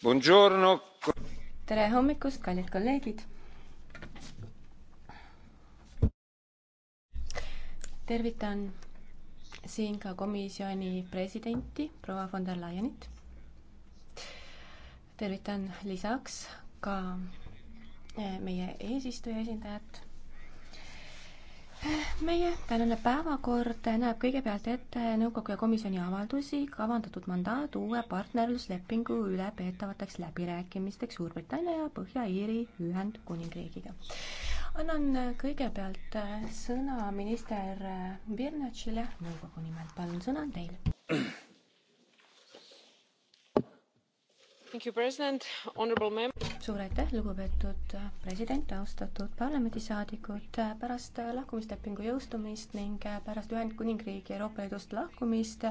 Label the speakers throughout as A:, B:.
A: tere hommikust, kallid kolleegid. tervitan siin ka komisjoni presidenti proua von der Leyenit. tervitan lisaks ka eh, meie eesistuja esindajat meie tänane päevakord näeb kõigepealt ette nõukogu ja komisjoni avaldusi kavandatud mandaat uue partnerluslepingu üle peetavateks läbirääkimisteks Suurbritannia ja Põhja-Iiri Ühendkuningriigiga. annan kõigepealt sõna minister Birnatšile nõukogu nimel, palun, sõna on teil. suur aitäh, lugupeetud president, austatud parlamendisaadikud. pärast lahkumislepingu jõustumist ning pärast Ühendkuningriigi Euroopa Liidust lahkumist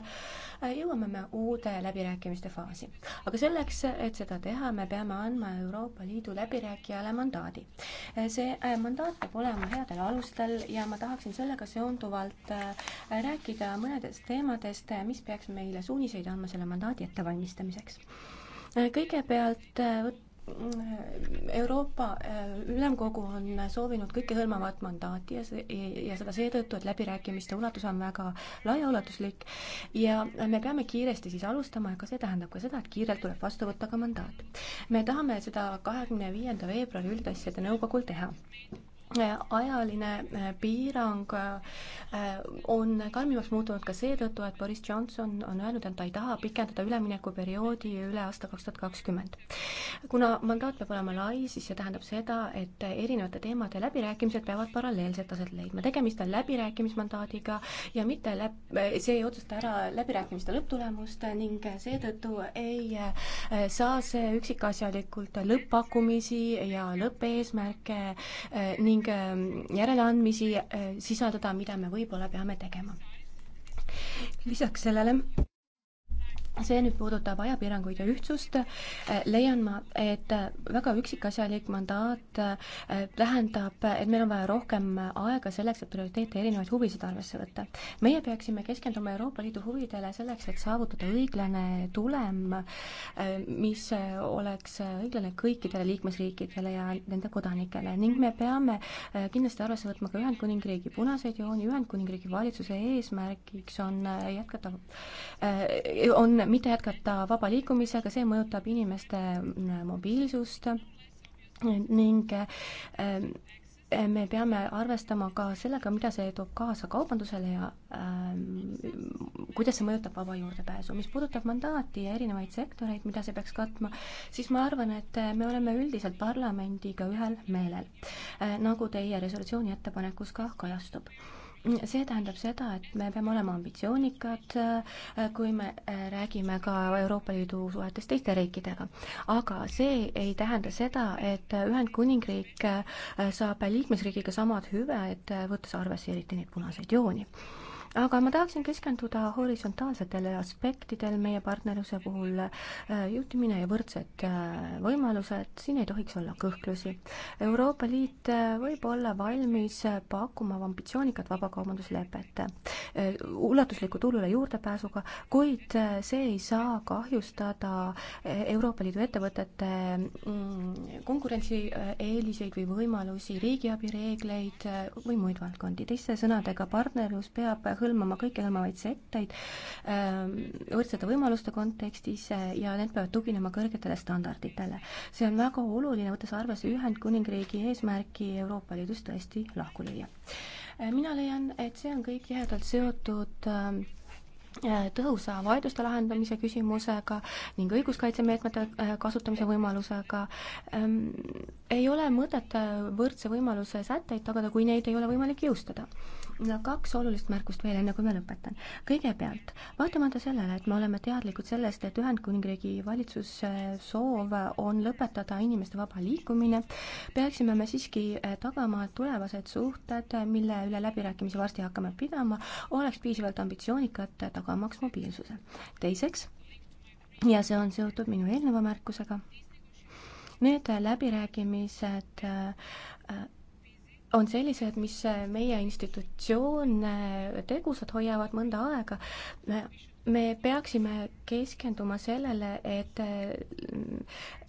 A: jõuame me uude läbirääkimiste faasi. aga selleks, et seda teha, me peame andma Euroopa Liidu läbirääkijale mandaadi. see mandaat peab olema headel alustel ja ma tahaksin sellega seonduvalt rääkida mõnedest teemadest, mis peaks meile suuniseid andma selle mandaadi ettevalmistamiseks kõigepealt äh, Euroopa äh, Ülemkogu on soovinud kõikehõlmavat mandaati ja see, ja seda seetõttu, et läbirääkimiste ulatus on väga laiaulatuslik ja me peame kiiresti siis alustama ja ka see tähendab ka seda, et kiirelt tuleb vastu võtta ka mandaat. me tahame seda kahekümne viienda veebruari üldasjade nõukogul teha ajaline äh, piirang äh, on karmimaks muutunud ka seetõttu, et Boris Johnson on öelnud, et ta ei taha pikendada üleminekuperioodi üle aasta kaks tuhat kakskümmend. kuna mandaat peab olema lai, siis see tähendab seda, et erinevate teemade läbirääkimised peavad paralleelselt aset leidma. tegemist on läbirääkimismandaadiga ja mitte läb-, see ei otsusta ära läbirääkimiste lõpptulemust ning seetõttu ei äh, saa see üksikasjalikult lõpp-pakkumisi ja lõppeesmärke ning ning ähm, järeleandmisi äh, sisaldada, mida me võib-olla peame tegema. lisaks sellele see nüüd puudutab ajapiiranguid ja ühtsust, äh, leian ma, et äh, väga üksikasjalik mandaat äh, tähendab, et meil on vaja rohkem aega selleks, et prioriteete ja erinevaid huvisid arvesse võtta. meie peaksime keskenduma Euroopa Liidu huvidele selleks, et saavutada õiglane tulem, mis oleks õiglane kõikidele liikmesriikidele ja nende kodanikele ning me peame kindlasti arvesse võtma ka Ühendkuningriigi punaseid jooni, Ühendkuningriigi valitsuse eesmärgiks on jätkata, on mitte jätkata vaba liikumisega, see mõjutab inimeste mm, mobiilsust ning ähm, me peame arvestama ka sellega, mida see toob kaasa kaubandusele ja ähm, kuidas see mõjutab vaba juurdepääsu. mis puudutab mandaati ja erinevaid sektoreid, mida see peaks katma, siis ma arvan, et me oleme üldiselt parlamendiga ühel meelel äh,, nagu teie resolutsiooni ettepanekus ka kajastub äh, see tähendab seda, et me peame olema ambitsioonikad, äh, kui me äh, räägime ka Euroopa Liidu suhetest teiste riikidega. aga see ei tähenda seda, et äh, Ühendkuningriik saab liikmesriigiga samad hüved, võttes arvesse eriti neid punaseid jooni aga ma tahaksin keskenduda horisontaalsetele aspektidel meie partnerluse puhul, äh, juhtimine ja võrdsed äh, võimalused, siin ei tohiks olla kõhklusi. Euroopa Liit äh, võib olla valmis pakkuma ambitsioonikat vabakaubanduslepet ulatusliku tulule juurdepääsuga, kuid see ei saa kahjustada Euroopa Liidu ettevõtete mm, konkurentsieeliseid või võimalusi, riigiabireegleid või muid valdkondi. teiste sõnadega, partnerlus peab hõlmama hõlmama kõiki hõlmavaid setteid ähm, võrdsete võimaluste kontekstis äh, ja need peavad tuginema kõrgetele standarditele. see on väga oluline, võttes arvesse Ühendkuningriigi eesmärki Euroopa Liidust tõesti lahku lüüa. Äh, mina leian, et see on kõik tihedalt seotud ähm, äh, tõhusa vaidluste lahendamise küsimusega ning õiguskaitsemeetmete kasutamise võimalusega. Ähm, ei ole mõtet võrdse võimaluse sätteid tagada, kui neid ei ole võimalik jõustada kaks olulist märkust veel, enne kui ma lõpetan. kõigepealt, vaatamata sellele, et me oleme teadlikud sellest, et Ühendkuningriigi valitsuse äh, soov on lõpetada inimeste vaba liikumine, peaksime me siiski äh, tagama, et tulevased suhted, mille üle läbirääkimisi varsti hakkame pidama, oleks piisavalt ambitsioonikad, tagamaks mobiilsuse. teiseks, ja see on seotud minu eelneva märkusega, need läbirääkimised äh, äh on sellised, mis äh, meie institutsioone äh, tegusad hoiavad mõnda aega. me peaksime keskenduma sellele, et äh,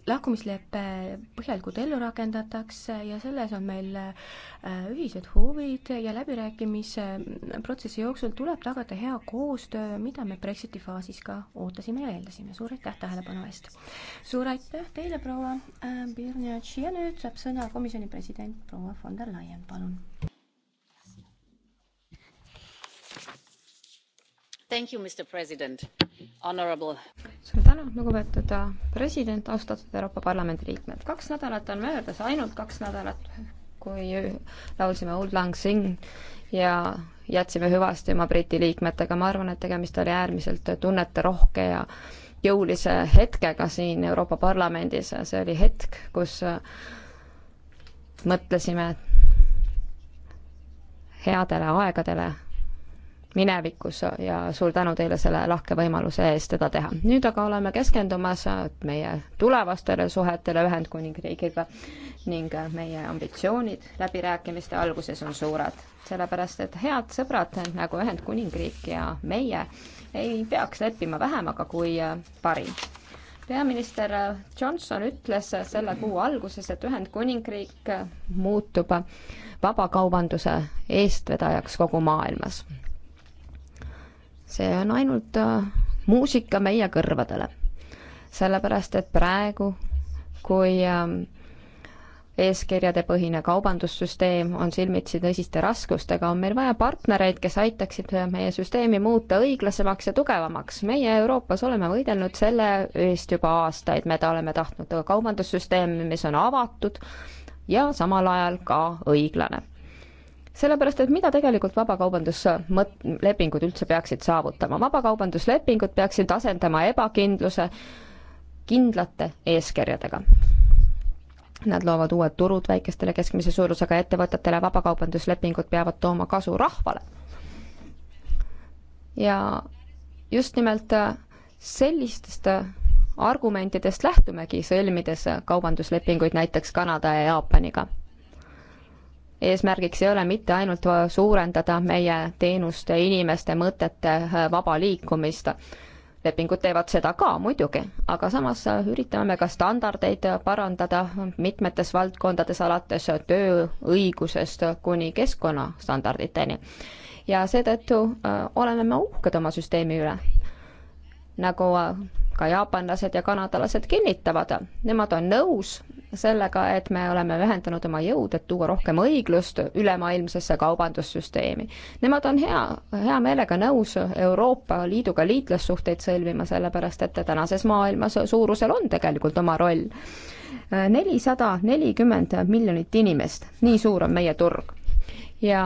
A: lahkumislepe põhjalikult ellu rakendatakse ja selles on meil äh, ühised huvid ja läbirääkimise äh, protsessi jooksul tuleb tagada hea koostöö, mida me Brexiti faasis ka ootasime ja eeldasime. suur aitäh tähelepanu eest! suur aitäh teile, proua äh, Birnjatš ja nüüd saab sõna komisjoni president proua von der Leyen, palun!
B: suur
C: tänu, lugupeetud äh, president, austatud Euroopa Parlamendi liikmed. kaks nädalat on möödas, ainult kaks nädalat, kui laulsime Old Lang Syng ja jätsime hüvasti oma Briti liikmetega, ma arvan, et tegemist oli äärmiselt tunneterohke ja jõulise hetkega siin Euroopa Parlamendis, see oli hetk, kus äh, mõtlesime headele aegadele minevikus ja suur tänu teile selle lahke võimaluse eest seda teha. nüüd aga oleme keskendumas meie tulevastele suhetele Ühendkuningriigiga ning meie ambitsioonid läbirääkimiste alguses on suured, sellepärast et head sõbrad nagu Ühendkuningriik ja meie ei peaks leppima vähemaga kui parim peaminister Johnson ütles selle kuu alguses, et Ühendkuningriik muutub vabakaubanduse eestvedajaks kogu maailmas see on ainult äh, muusika meie kõrvadele. sellepärast, et praegu, kui ähm, eeskirjade põhine kaubandussüsteem on silmitsi tõsiste raskustega, on meil vaja partnereid, kes aitaksid meie süsteemi muuta õiglasemaks ja tugevamaks. meie Euroopas oleme võidelnud selle eest juba aastaid, me ta oleme tahtnud kaubandussüsteemi, mis on avatud ja samal ajal ka õiglane sellepärast, et mida tegelikult vabakaubanduslepingud üldse peaksid saavutama, vabakaubanduslepingud peaksid asendama ebakindluse kindlate eeskirjadega. Nad loovad uued turud väikestele keskmise suurusega ettevõtetele, vabakaubanduslepingud peavad tooma kasu rahvale. ja just nimelt äh, sellistest äh, argumentidest lähtumegi, sõlmides äh, kaubanduslepinguid näiteks Kanada ja Jaapaniga eesmärgiks ei ole mitte ainult suurendada meie teenuste, inimeste, mõtete äh, vaba liikumist, lepingud teevad seda ka muidugi, aga samas äh, üritame me ka standardeid parandada mitmetes valdkondades, alates tööõigusest kuni keskkonnastandarditeni. ja seetõttu äh, oleme me uhked oma süsteemi üle. nagu ka jaapanlased ja kanadalased kinnitavad, nemad on nõus sellega, et me oleme vähendanud oma jõud, et tuua rohkem õiglust ülemaailmsesse kaubandussüsteemi. Nemad on hea, hea meelega nõus Euroopa Liiduga liitlassuhteid sõlmima, sellepärast et tänases maailmas suurusel on tegelikult oma roll. nelisada nelikümmend miljonit inimest, nii suur on meie turg. ja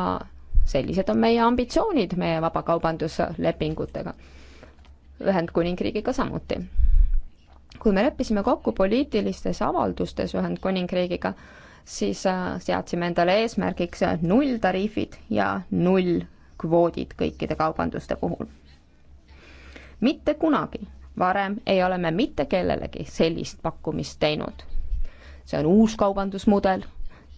C: sellised on meie ambitsioonid meie vabakaubanduslepingutega Ühendkuningriigiga samuti. kui me leppisime kokku poliitilistes avaldustes Ühendkuningriigiga, siis äh, seadsime endale eesmärgiks äh, nulltariifid ja nullkvoodid kõikide kaubanduste puhul. mitte kunagi varem ei ole me mitte kellelegi sellist pakkumist teinud. see on uus kaubandusmudel,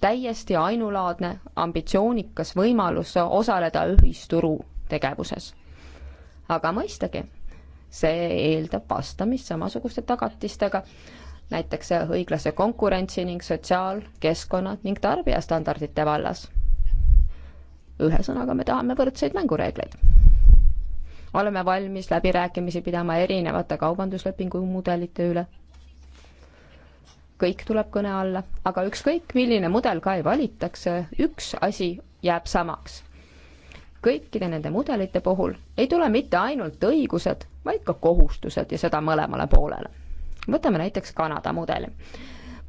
C: täiesti ainulaadne, ambitsioonikas võimalus osaleda ühisturu tegevuses. aga mõistagi, see eeldab vastamist samasuguste tagatistega, näiteks õiglase konkurentsi ning sotsiaal-, keskkonna ning tarbijastandardite vallas. ühesõnaga, me tahame võrdseid mängureegleid. oleme valmis läbirääkimisi pidama erinevate kaubanduslepingu mudelite üle. kõik tuleb kõne alla, aga ükskõik, milline mudel ka ei valitakse, üks asi jääb samaks kõikide nende mudelite puhul ei tule mitte ainult õigused, vaid ka kohustused ja seda mõlemale poolele. võtame näiteks Kanada mudeli.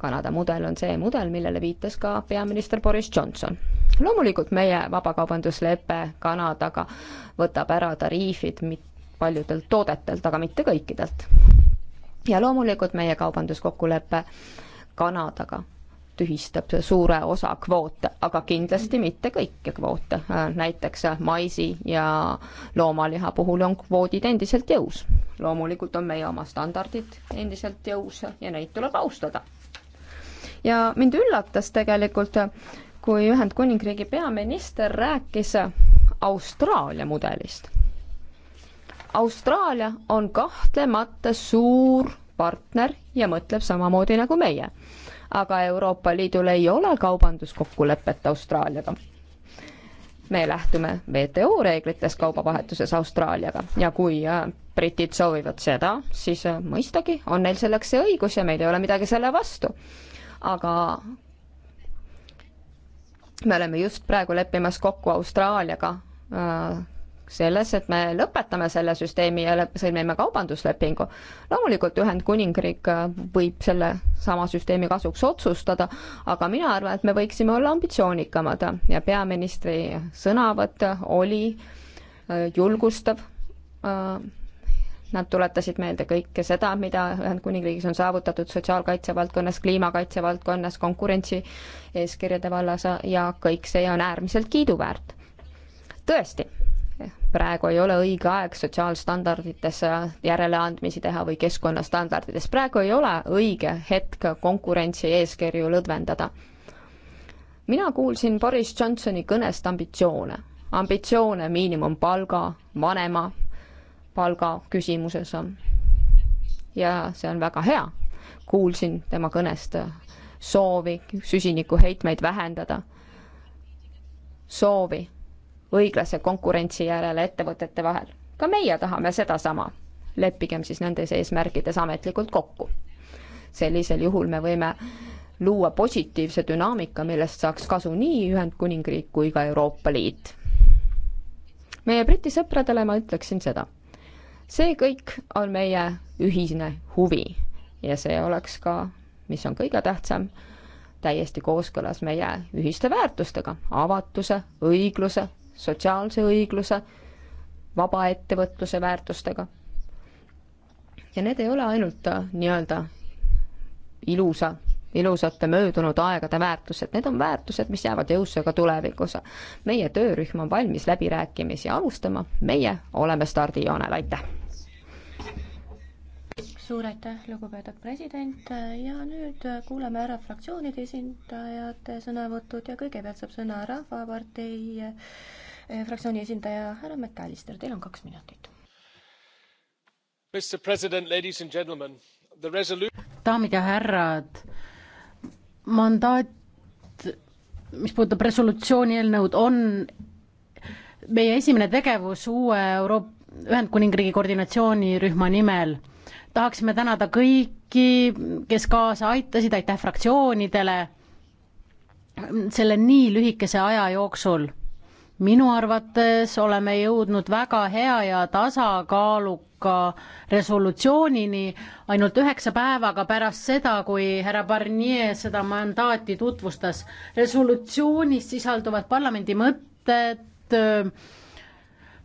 C: Kanada mudel on see mudel, millele viitas ka peaminister Boris Johnson. loomulikult meie vabakaubanduslepe Kanadaga võtab ära tariifid paljudelt toodetelt, aga mitte kõikidelt. ja loomulikult meie kaubanduskokkulepe Kanadaga tühistab suure osa kvoote, aga kindlasti mitte kõiki kvoote. näiteks maisi ja loomaliha puhul on kvoodid endiselt jõus. loomulikult on meie oma standardid endiselt jõus ja neid tuleb austada. ja mind üllatas tegelikult, kui Ühendkuningriigi peaminister rääkis Austraalia mudelist. Austraalia on kahtlemata suur partner ja mõtleb samamoodi nagu meie aga Euroopa Liidul ei ole kaubanduskokkulepet Austraaliaga. me lähtume WTO reeglitest kaubavahetuses Austraaliaga ja kui äh, britid soovivad seda, siis äh, mõistagi on neil selleks see õigus ja meil ei ole midagi selle vastu. aga me oleme just praegu leppimas kokku Austraaliaga äh, selles, et me lõpetame selle süsteemi ja sõlmime kaubanduslepingu. loomulikult Ühendkuningriik äh, võib selle sama süsteemi kasuks otsustada, aga mina arvan, et me võiksime olla ambitsioonikamad ja peaministri sõnavõtt oli äh, julgustav. Äh, nad tuletasid meelde kõike seda, mida Ühendkuningriigis on saavutatud sotsiaalkaitse valdkonnas, kliimakaitse valdkonnas, konkurentsi eeskirjade vallas ja kõik see on äärmiselt kiiduväärt. tõesti praegu ei ole õige aeg sotsiaalstandardites äh, järeleandmisi teha või keskkonnastandardites, praegu ei ole õige hetk konkurentsi eeskirju lõdvendada. mina kuulsin Boris Johnsoni kõnest ambitsioone, ambitsioone miinimumpalga, vanema palga küsimuses. ja see on väga hea, kuulsin tema kõnest soovi süsinikuheitmeid vähendada, soovi õiglase konkurentsi järele ettevõtete vahel. ka meie tahame sedasama. leppigem siis nendes eesmärgides ametlikult kokku. sellisel juhul me võime luua positiivse dünaamika, millest saaks kasu nii Ühendkuningriik kui ka Euroopa Liit. meie Briti sõpradele ma ütleksin seda. see kõik on meie ühine huvi ja see oleks ka, mis on kõige tähtsam, täiesti kooskõlas meie ühiste väärtustega, avatuse, õigluse, sotsiaalse õigluse, vaba ettevõtluse väärtustega. ja need ei ole ainult äh, nii-öelda ilusa, ilusate möödunud aegade väärtused, need on väärtused, mis jäävad jõusse ka tulevikus. meie töörühm on valmis läbirääkimisi alustama, meie oleme stardijoonel, aitäh!
A: suur aitäh, lugupeetud president ja nüüd kuulame ära fraktsioonide esindajate sõnavõtud ja kõigepealt saab sõna Rahvapartei Eh, fraktsiooni esindaja härra McAllister, teil on kaks minutit.
B: daamid ja härrad, mandaat, mis puudutab resolutsiooni eelnõud, on meie esimene tegevus uue Euroopa Ühendkuningriigi koordinatsioonirühma nimel tahaksime tänada kõiki, kes kaasa aitasid, aitäh fraktsioonidele selle nii lühikese aja jooksul minu arvates oleme jõudnud väga hea ja tasakaaluka resolutsioonini ainult üheksa päevaga pärast seda, kui härra Barnier seda mandaati tutvustas. resolutsioonis sisalduvad parlamendi mõtted, äh,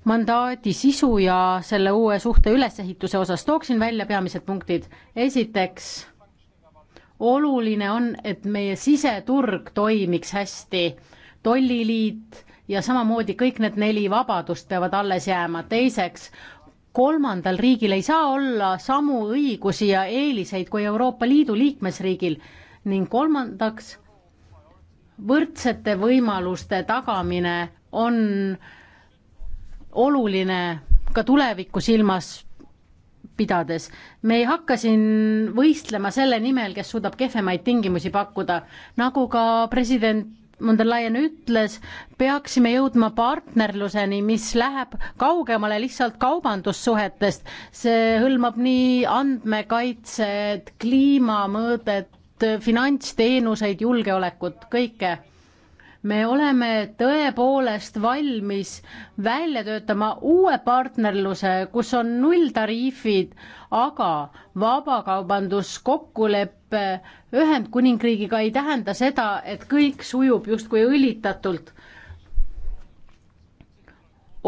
B: mandaadi sisu ja selle uue suhte ülesehituse osas tooksin välja peamised punktid. esiteks, oluline on, et meie siseturg toimiks hästi, tolliliit ja samamoodi kõik need neli vabadust peavad alles jääma. teiseks, kolmandal riigil ei saa olla samu õigusi ja eeliseid kui Euroopa Liidu liikmesriigil ning kolmandaks, võrdsete võimaluste tagamine on oluline ka tulevikku silmas pidades. me ei hakka siin võistlema selle nimel, kes suudab kehvemaid tingimusi pakkuda, nagu ka president von der Leyen ütles, peaksime jõudma partnerluseni, mis läheb kaugemale lihtsalt kaubandussuhetest. see hõlmab nii andmekaitset, kliimamõõdet, finantsteenuseid, julgeolekut, kõike me oleme tõepoolest valmis välja töötama uue partnerluse, kus on nulltariifid, aga vabakaubanduskokkulepe Ühendkuningriigiga ei tähenda seda, et kõik sujub justkui õlitatult.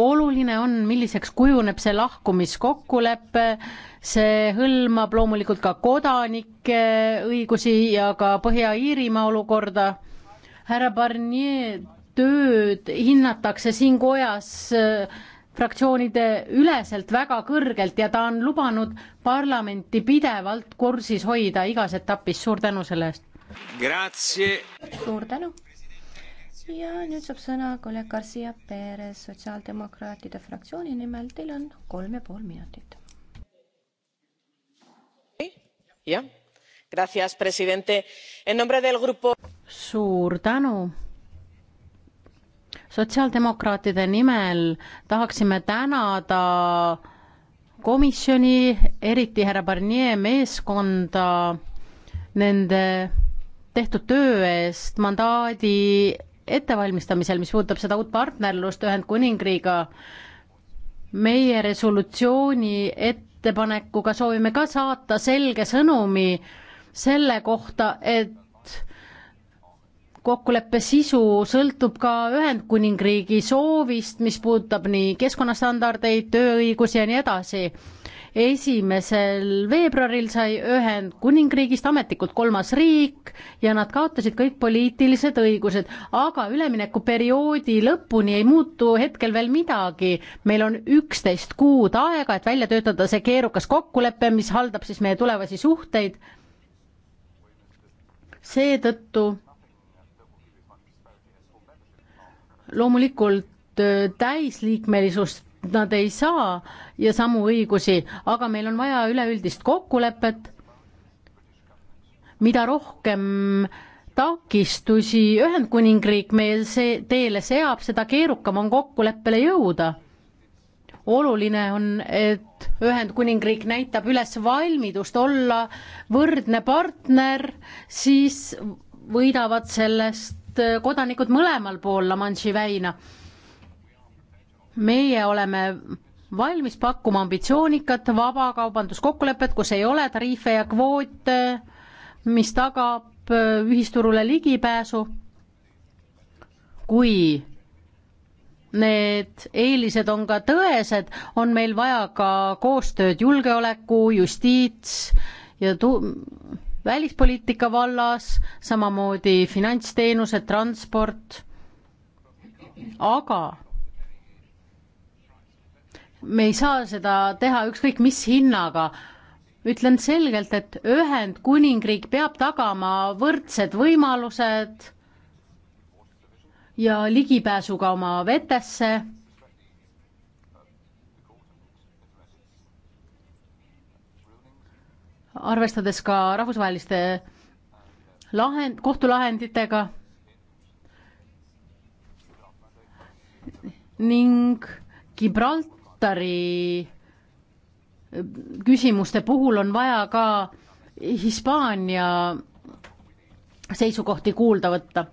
B: oluline on, milliseks kujuneb see lahkumiskokkulepe, see hõlmab loomulikult ka kodanike õigusi ja ka Põhja-Iirimaa olukorda. härra Barnier tööd hinnatakse siin kojas äh, fraktsioonide üleselt väga kõrgelt ja ta on lubanud parlamenti pidevalt kursis hoida igas etapis, suur tänu selle eest! suur tänu! ja nüüd saab sõna kolleeg Garcia Perez
A: Sotsiaaldemokraatide fraktsiooni nimel, teil on kolm ja pool minutit.
B: jah, gracias, presidente, en nombre del grupo suur tänu! sotsiaaldemokraatide nimel tahaksime tänada komisjoni, eriti härra Barnier meeskonda nende tehtud töö eest mandaadi ettevalmistamisel, mis puudutab seda uut partnerlust Ühendkuningriiga. meie resolutsiooni ettepanekuga soovime ka saata selge sõnumi selle kohta, et kokkuleppe sisu sõltub ka Ühendkuningriigi soovist, mis puudutab nii keskkonnastandardeid, tööõigusi ja nii edasi. esimesel veebruaril sai Ühendkuningriigist ametlikult kolmas riik ja nad kaotasid kõik poliitilised õigused, aga üleminekuperioodi lõpuni ei muutu hetkel veel midagi. meil on üksteist kuud aega, et välja töötada see keerukas kokkulepe, mis haldab siis meie tulevasi suhteid. seetõttu loomulikult täisliikmelisust nad ei saa ja samu õigusi, aga meil on vaja üleüldist kokkulepet, mida rohkem takistusi Ühendkuningriik meil see, teele seab, seda keerukam on kokkuleppele jõuda. oluline on, et Ühendkuningriik näitab üles valmidust olla võrdne partner, siis võidavad sellest Äh, kodanikud mõlemal pool La Manche'i väina. meie oleme valmis pakkuma ambitsioonikat vabakaubanduskokkulepet, kus ei ole tariife ja kvoote, mis tagab äh, ühisturule ligipääsu. kui need eelised on ka tõesed, on meil vaja ka koostööd julgeoleku, justiits ja tu-, välispoliitika vallas, samamoodi finantsteenused, transport, aga me ei saa seda teha ükskõik mis hinnaga. ütlen selgelt, et Ühendkuningriik peab tagama võrdsed võimalused ja ligipääsuga oma vetesse arvestades ka rahvusvaheliste lahend, kohtulahenditega ning Gibraltari äh, küsimuste puhul on vaja ka Hispaania seisukohti kuulda võtta.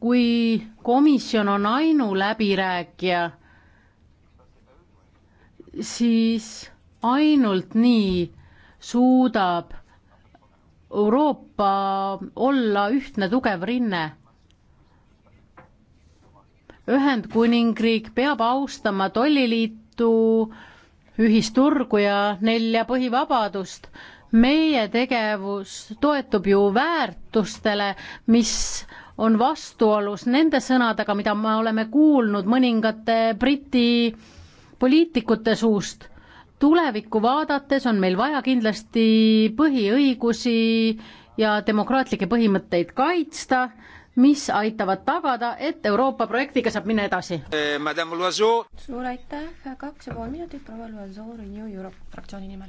B: kui komisjon on ainuläbirääkija, siis ainult nii suudab Euroopa olla ühtne tugev rinne. Ühendkuningriik peab austama tolliliitu, ühisturgu ja nelja põhivabadust. meie tegevus toetub ju väärtustele, mis on vastuolus nende sõnadega, mida me oleme kuulnud mõningate Briti poliitikute suust tulevikku vaadates on meil vaja kindlasti põhiõigusi ja demokraatlikke põhimõtteid kaitsta, mis aitavad tagada, et Euroopa projektiga saab minna edasi.
A: suur aitäh, kaks ja pool minutit, proua Loiseau Renew Europe fraktsiooni nimel.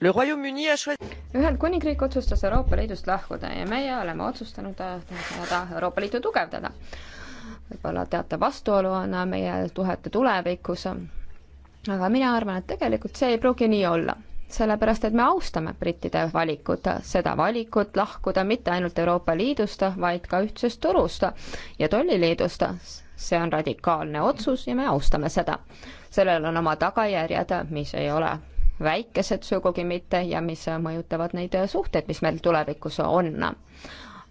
B: Ühendkuningriik otsustas
C: Euroopa Liidust lahkuda ja meie oleme otsustanud seda Euroopa Liitu tugevdada. võib-olla teate, vastuolu on meie tuhete tulevikus aga mina arvan, et tegelikult see ei pruugi nii olla, sellepärast et me austame brittide valikut, seda valikut lahkuda mitte ainult Euroopa Liidust, vaid ka ühtsest turust ja tolliliidust. see on radikaalne otsus ja me austame seda. sellel on oma tagajärjed, mis ei ole väikesed sugugi mitte ja mis mõjutavad neid suhteid, mis meil tulevikus on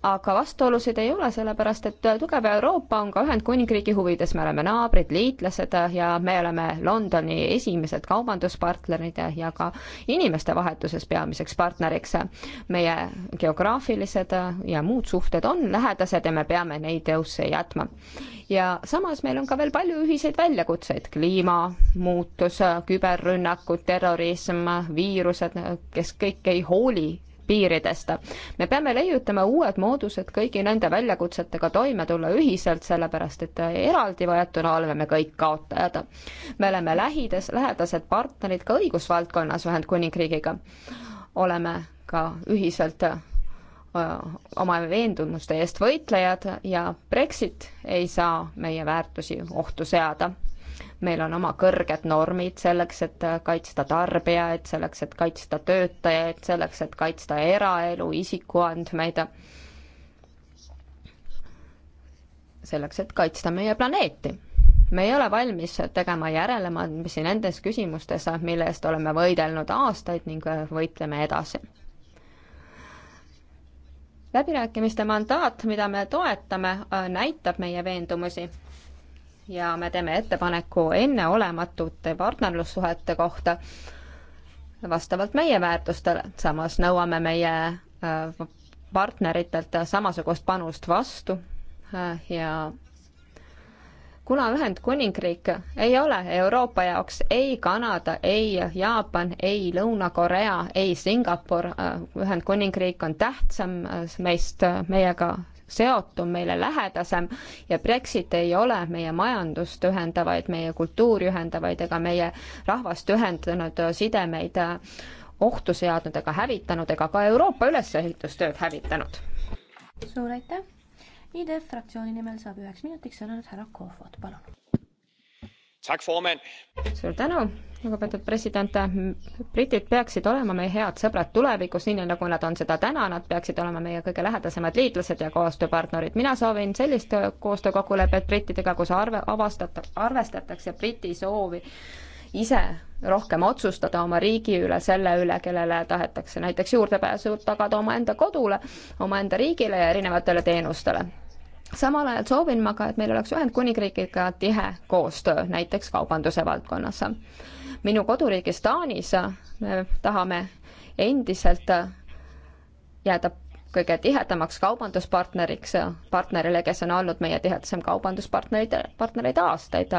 C: aga vastuolusid ei ole, sellepärast et tugev Euroopa on ka Ühendkuningriigi huvides, me oleme naabrid, liitlased ja me oleme Londoni esimesed kaubanduspartnerid ja ka inimestevahetuses peamiseks partneriks. meie geograafilised ja muud suhted on lähedased ja me peame neid jõusse jätma. ja samas meil on ka veel palju ühiseid väljakutseid, kliimamuutus, küberrünnakud, terrorism, viirused, kes kõik ei hooli piiridest. me peame leiutama uued moodused kõigi nende väljakutsetega toime tulla ühiselt, sellepärast et eraldivõetuna oleme me kõik kaotajad. me oleme lähides, lähedased partnerid ka õigusvaldkonnas Ühendkuningriigiga. oleme ka ühiselt oma veendumuste eest võitlejad ja Brexit ei saa meie väärtusi ohtu seada meil on oma kõrged normid selleks, et äh, kaitsta tarbijaid, selleks, et kaitsta töötajaid, selleks, et kaitsta eraelu, isikuandmeid, selleks, et kaitsta meie planeeti me ei ole valmis tegema järelemandmisi nendes küsimustes, mille eest oleme võidelnud aastaid ning äh, võitleme edasi. läbirääkimiste mandaat, mida me toetame, äh, näitab meie veendumusi ja me teeme ettepaneku enneolematute partnerlussuhete kohta vastavalt meie väärtustele, samas nõuame meie äh, partneritelt samasugust panust vastu äh, ja kuna Ühendkuningriik ei ole Euroopa jaoks ei Kanada, ei Jaapan, ei Lõuna-Korea, ei Singapur, äh, Ühendkuningriik on tähtsam meist, meiega seotum, meile lähedasem ja Brexit ei ole meie majandust ühendavaid, meie kultuuri ühendavaid ega meie rahvast ühendanud sidemeid ohtu seadnud ega hävitanud ega ka Euroopa ülesehitustööd hävitanud.
A: suur aitäh! IDF e fraktsiooni nimel saab üheks minutiks sõna
C: nüüd härra Kohvot, palun. suur tänu! lugupeetud president, britid peaksid olema meie head sõbrad tulevikus, nii nagu nad on seda täna, nad peaksid olema meie kõige lähedasemad liitlased ja koostööpartnerid. mina soovin sellist koostöökokkulepet brittidega, kus arve, avastata, arvestatakse Briti soovi ise rohkem otsustada oma riigi üle, selle üle, kellele tahetakse näiteks juurdepääsu tagada omaenda kodule, omaenda riigile ja erinevatele teenustele samal ajal soovin ma ka, et meil oleks Ühendkuningriigiga tihe koostöö, näiteks kaubanduse valdkonnas minu koduriigis Taanis me tahame endiselt jääda kõige tihedamaks kaubanduspartneriks, partnerile, kes on olnud meie tihedasem kaubanduspartnerid, partnereid aastaid.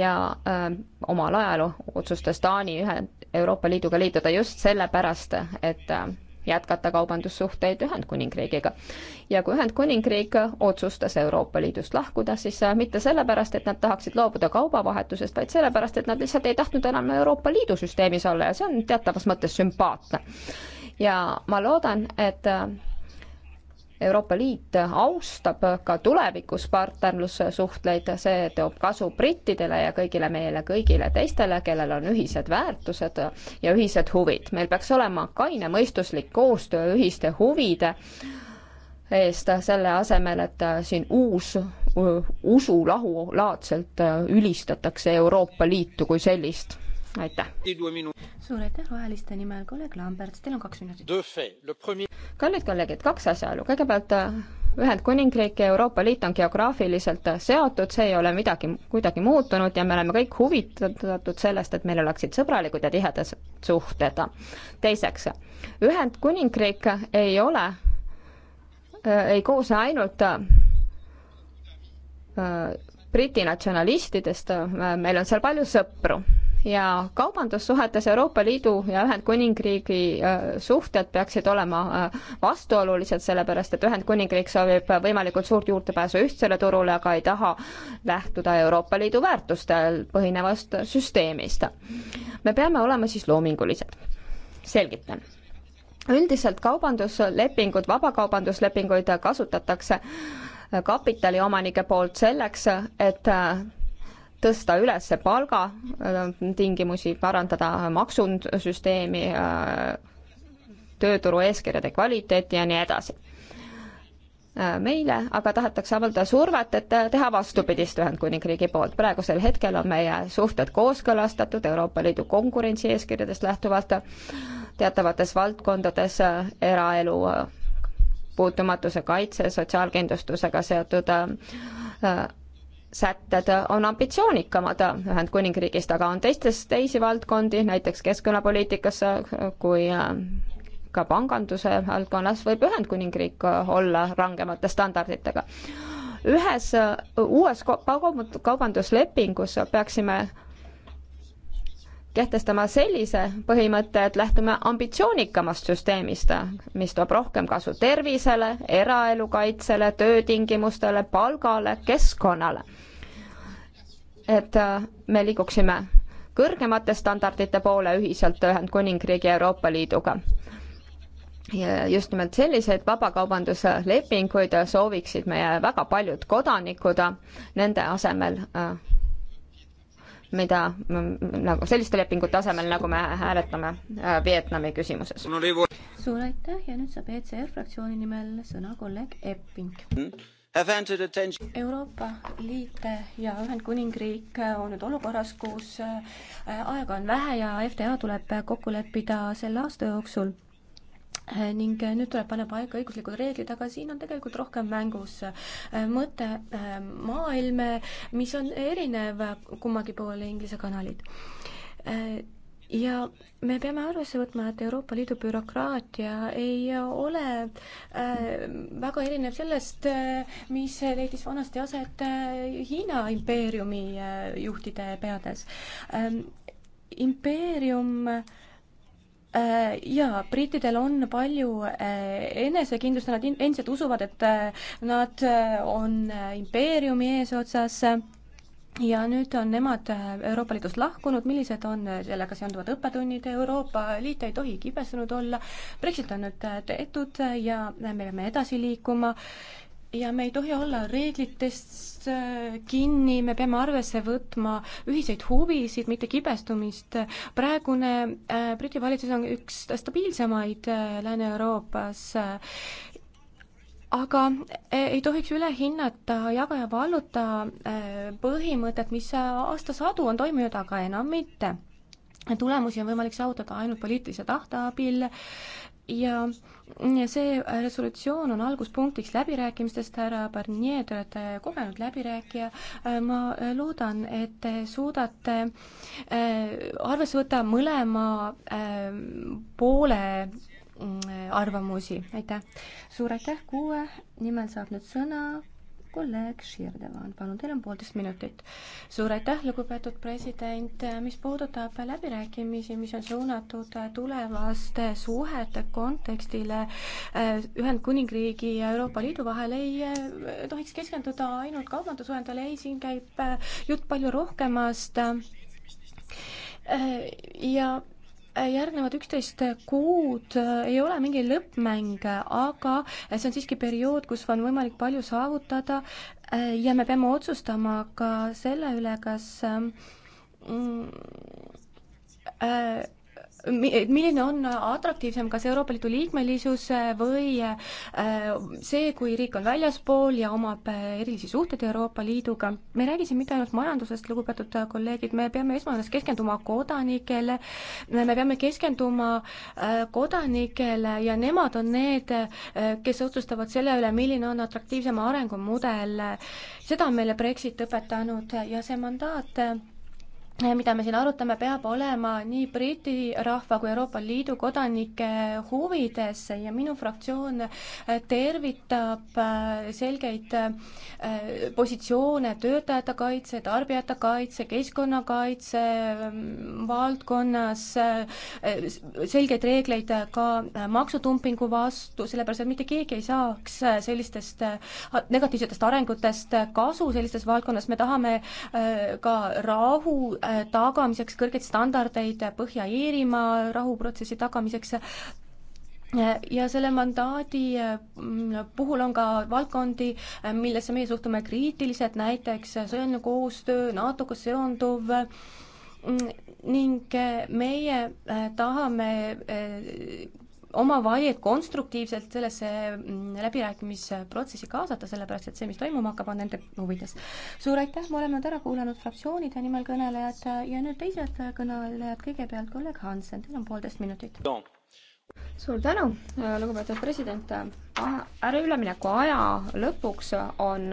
C: ja öö, äh, omal ajal otsustas Taani ühe Euroopa Liiduga liituda just sellepärast, et öö, äh, jätkata kaubandussuhteid Ühendkuningriigiga. ja kui Ühendkuningriik otsustas Euroopa Liidust lahkuda, siis äh, mitte sellepärast, et nad tahaksid loobuda kaubavahetusest, vaid sellepärast, et nad lihtsalt ei tahtnud enam Euroopa Liidu süsteemis olla ja see on teatavas mõttes sümpaatne. ja ma loodan, et äh, Euroopa Liit austab ka tulevikus partnerlussuhtleid, see toob kasu brittidele ja kõigile meile, kõigile teistele, kellel on ühised väärtused ja ühised huvid. meil peaks olema kaine mõistuslik koostöö ühiste huvide eest, selle asemel, et siin uus usulahulaadselt ülistatakse Euroopa Liitu kui sellist aitäh! suur aitäh
A: roheliste nimel, kolleeg Lambert, teil on kaks minutit.
C: kallid kolleegid, kaks asjaolu, kõigepealt äh, Ühendkuningriik ja Euroopa Liit on geograafiliselt äh, seotud, see ei ole midagi, kuidagi muutunud ja me oleme kõik huvitatud sellest, et meil oleksid sõbralikud ja tihedad suhted. teiseks, Ühendkuningriik ei ole, äh, ei koosne ainult Briti natsionalistidest, meil on seal palju sõpru ja kaubandussuhetes Euroopa Liidu ja Ühendkuningriigi äh, suhted peaksid olema äh, vastuolulised, sellepärast et Ühendkuningriik soovib võimalikult suurt juurdepääsu ühtsele turule, aga ei taha lähtuda Euroopa Liidu väärtustel põhinevast süsteemist. me peame olema siis loomingulised. selgitan üldiselt kaubanduslepingud, vabakaubanduslepinguid kasutatakse kapitaliomanike poolt selleks, et äh, tõsta üles palgatingimusi, äh, parandada maksusüsteemi, äh, tööturu eeskirjade kvaliteeti ja nii edasi äh, meile, aga tahetakse avaldada survet, et teha vastupidist Ühendkuningriigi poolt. praegusel hetkel on meie suhted kooskõlastatud Euroopa Liidu konkurentsieeskirjadest lähtuvalt teatavates valdkondades eraelu puutumatuse kaitse, sotsiaalkindlustusega seotud sätted on ambitsioonikamad Ühendkuningriigist, aga on teistes, teisi valdkondi, näiteks keskkonnapoliitikas, kui äh, ka panganduse valdkonnas võib Ühendkuningriik olla rangemate standarditega. ühes äh, uues kaubanduslepingus peaksime kehtestama sellise põhimõtte, et lähtume ambitsioonikamast süsteemist, mis toob rohkem kasu tervisele, eraelu kaitsele, töötingimustele, palgale, keskkonnale. et äh, me liiguksime kõrgemate standardite poole ühiselt Ühendkuningriigi ja Euroopa Liiduga. ja just nimelt selliseid vabakaubanduse lepinguid sooviksid meie väga paljud kodanikud, äh, nende asemel äh, mida nagu selliste lepingute asemel, nagu me hääletame äh, Vietnami küsimuses. suur aitäh ja nüüd saab ECR fraktsiooni nimel sõna kolleeg Epping. Euroopa
A: Liit ja Ühendkuningriik on nüüd olukorras, kus äh, aega on vähe ja FTA tuleb kokku leppida selle aasta jooksul Äh, ning äh, nüüd tuleb panna paika õiguslikud reeglid, aga siin on tegelikult rohkem mängus äh, mõttemaailm, mis on erinev kummagi poole Inglise kanalid. ja me peame arvesse võtma, et Euroopa Liidu bürokraatia ei ole väga erinev sellest, mis leidis vanasti aset Hiina impeeriumi juhtide peades. impeerium äh, Äh, jaa, brittidel on palju äh, enesekindlust, nad endiselt usuvad, et äh, nad on impeeriumi eesotsas ja nüüd on nemad Euroopa Liidust lahkunud, millised on sellega seonduvad õppetunnid, Euroopa Liit ei tohi kibestunud olla, Brexit on nüüd tehtud ja me peame edasi liikuma ja me ei tohi olla reeglitest äh, kinni, me peame arvesse võtma ühiseid huvisid, mitte kibestumist. praegune äh, Briti valitsus on üks stabiilsemaid äh, Lääne-Euroopas aga ei tohiks üle hinnata jaga ja valluta põhimõtet, mis aastasadu on toiminud, aga enam mitte tulemusi on võimalik saavutada ainult poliitilise tahte abil, ja see resolutsioon on alguspunktiks läbirääkimistest, härra Barnier, te olete kogenud läbirääkija, ma loodan, et te suudate äh, arvesse võtta mõlema äh, poole äh, arvamusi, aitäh. suur aitäh, kuue nimel saab nüüd sõna kolleeg Širdevan, palun, teil on poolteist minutit. suur aitäh, lugupeetud president, mis puudutab läbirääkimisi, mis on suunatud tulevaste suhete kontekstile eh, Ühendkuningriigi ja Euroopa Liidu vahel, ei eh, tohiks keskenduda ainult kaubandussuhendale, ei, siin käib eh, jutt palju rohkemast ja järgnevad üksteist kuud äh, ei ole mingi lõppmäng, aga äh, see on siiski periood, kus on võimalik palju saavutada äh, ja me peame otsustama ka selle üle, kas mm, milline on atraktiivsem, kas Euroopa Liidu liikmelisus või äh, see, kui riik on väljaspool ja omab äh, erilisi suhteid Euroopa Liiduga? me ei räägi siin mitte ainult majandusest, lugupeetud kolleegid, me peame esmajoones keskenduma kodanikele, me peame keskenduma äh, kodanikele ja nemad on need, kes otsustavad selle üle, milline on atraktiivsem arengumudel. seda on meile Brexit õpetanud ja see mandaat mida me siin arutame, peab olema nii Briti rahva kui Euroopa Liidu kodanike huvides ja minu fraktsioon tervitab äh, selgeid äh, positsioone töötajate kaitse, tarbijate kaitse, keskkonnakaitse ähm, valdkonnas, äh, selgeid reegleid ka maksutumpingu vastu, sellepärast et mitte keegi ei saaks sellistest negatiivsetest arengutest kasu sellistes valdkonnas, me tahame ka rahu Äh, tagamiseks, kõrgeid standardeid Põhja-Iirimaa rahuprotsessi tagamiseks, äh, ja selle mandaadi äh, puhul on ka valdkondi, millesse meie suhtume kriitiliselt, näiteks sõjaline koostöö, NATO-ga seonduv, mm, ning meie tahame oma vaiet konstruktiivselt sellesse mm, läbirääkimisprotsessi kaasata, sellepärast et see, mis toimuma hakkab, on nende huvides. suur aitäh, me oleme nüüd ära kuulanud fraktsioonide nimel kõnelejad ja nüüd teised kõnelejad,
C: kõigepealt kolleeg Hansen, teil on poolteist minutit no.. suur tänu, lugupeetud president, äreülemineku aja lõpuks on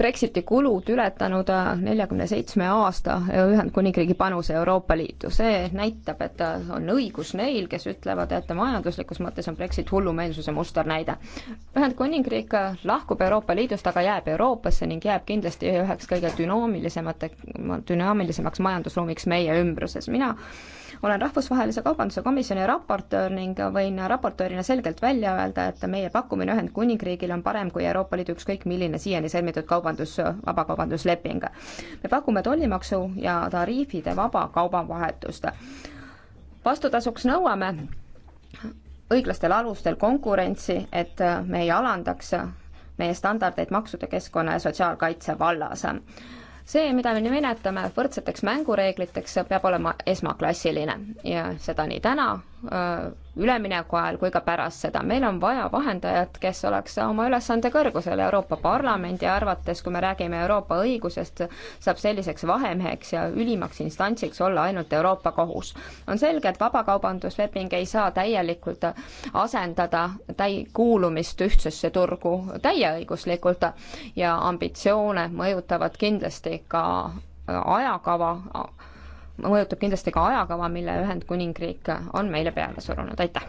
C: Brexiti kulud ületanud äh, neljakümne seitsme aasta äh, Ühendkuningriigi panuse Euroopa Liitu. see näitab, et äh, on õigus neil, kes ütlevad, et majanduslikus mõttes on Brexit hullumeelsuse musternäide. Ühendkuningriik lahkub Euroopa Liidust, aga jääb Euroopasse ning jääb kindlasti üheks kõige dünaamilisemate, dünaamilisemaks majandusruumiks meie ümbruses. mina olen Rahvusvahelise Kaubanduse Komisjoni raportöör ning võin raportöörina selgelt välja öelda, et meie pakkumine Ühendkuningriigile on parem kui Euroopa Liidu ükskõik milline siiani sõlmitud kaubandus, vabakaubandusleping. me pakume tollimaksu ja tariifide vaba kaubavahetust. vastutasuks nõuame õiglastel alustel konkurentsi, et me ei alandaks meie standardeid maksude, keskkonna ja sotsiaalkaitse vallas see, mida me nimetame võrdseteks mängureegliteks, peab olema esmaklassiline ja seda nii täna Äh, ülemineku ajal kui ka pärast seda. meil on vaja vahendajat, kes oleks oma ülesande kõrgusel Euroopa Parlamendi arvates, kui me räägime Euroopa õigusest, saab selliseks vahemeheks ja ülimaks instantsiks olla ainult Euroopa Kohus. on selge, et vabakaubandusleping ei saa täielikult asendada täi-, kuulumist ühtsesse turgu täieõiguslikult ja ambitsioone mõjutavad kindlasti ka ajakava mõjutab kindlasti ka ajakava, mille Ühendkuningriik on meile peale surunud, aitäh!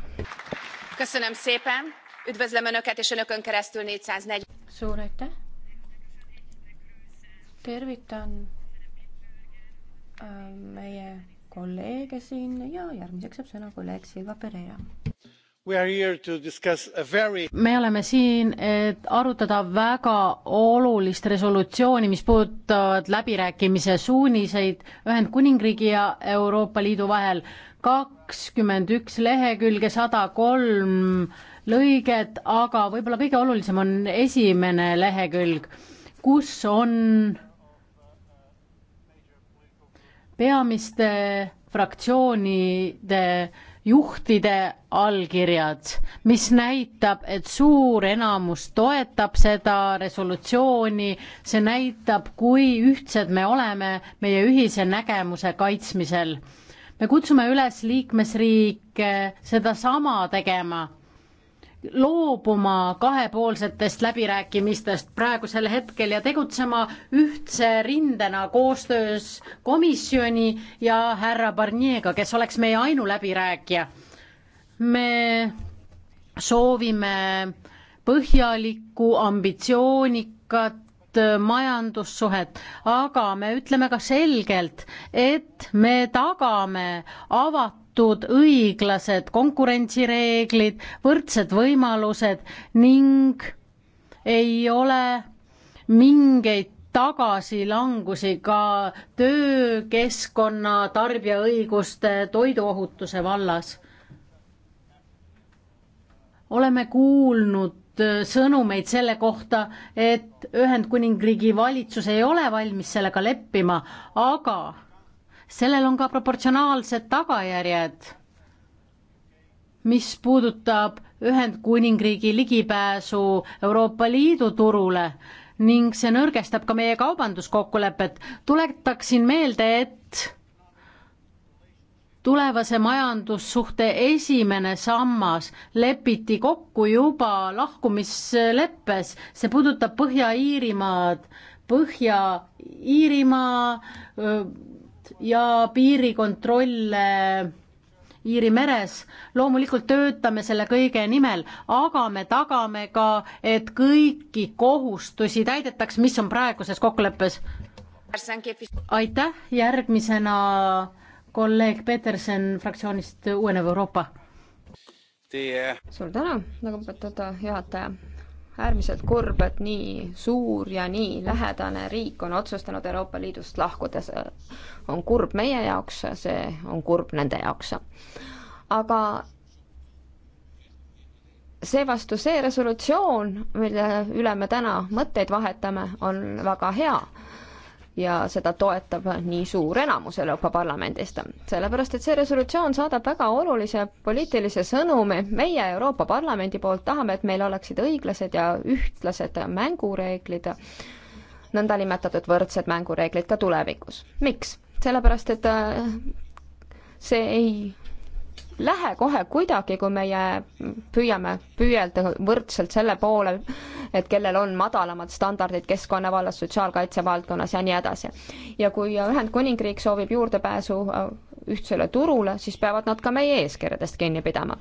A: suur aitäh! tervitan äh, meie
B: kolleege siin ja järgmiseks saab sõna kolleeg Silva Pereira. Very... me oleme siin, et arutada väga olulist resolutsiooni, mis puudutavad läbirääkimise suuniseid Ühendkuningriigi ja Euroopa Liidu vahel. kakskümmend üks lehekülge, sada kolm lõiget, aga võib-olla kõige olulisem on esimene lehekülg, kus on peamiste fraktsioonide juhtide allkirjad, mis näitab, et suur enamus toetab seda resolutsiooni, see näitab, kui ühtsed me oleme meie ühise nägemuse kaitsmisel. me kutsume üles liikmesriike sedasama tegema, loobuma kahepoolsetest läbirääkimistest praegusel hetkel ja tegutsema ühtse rindena koostöös komisjoni ja härra Barnier'ga, kes oleks meie ainuläbirääkija me soovime põhjalikku, ambitsioonikat majandussuhet, aga me ütleme ka selgelt, et me tagame avatud õiglased konkurentsireeglid, võrdsed võimalused ning ei ole mingeid tagasilangusi ka töökeskkonna, tarbijaõiguste, toiduohutuse vallas oleme kuulnud äh, sõnumeid selle kohta, et Ühendkuningriigi valitsus ei ole valmis sellega leppima, aga sellel on ka proportsionaalsed tagajärjed, mis puudutab Ühendkuningriigi ligipääsu Euroopa Liidu turule ning see nõrgestab ka meie kaubanduskokkulepet. tuletaksin meelde, et tulevase majandussuhte esimene sammas lepiti kokku juba lahkumisleppes, see puudutab Põhja-Iirimaad, Põhja-Iirimaa ja piirikontrolle Iiri meres, loomulikult töötame selle kõige nimel, aga me tagame ka, et kõiki kohustusi täidetaks, mis on praeguses kokkuleppes. aitäh, järgmisena kolleeg Peterson fraktsioonist Uuenev Euroopa. suur tänu,
C: lugupeetud juhataja. äärmiselt kurb, et nii suur ja nii lähedane riik on otsustanud Euroopa Liidust lahkuda. see on kurb meie jaoks, see on kurb nende jaoks. aga seevastu see resolutsioon, mille üle me täna mõtteid vahetame, on väga hea ja seda toetab nii suur enamus Euroopa Parlamendist. sellepärast, et see resolutsioon saadab väga olulise poliitilise sõnumi. meie Euroopa Parlamendi poolt tahame, et meil oleksid õiglased ja ühtlased mängureeglid, nõndanimetatud võrdsed mängureeglid ka tulevikus. miks? sellepärast, et äh, see ei lähe kohe kuidagi, kui meie püüame püüelda võrdselt selle poole, et kellel on madalamad standardid keskkonna vallas, sotsiaalkaitse valdkonnas ja nii edasi. ja kui Ühendkuningriik soovib juurdepääsu äh, ühtsele turule, siis peavad nad ka meie eeskirjadest kinni pidama.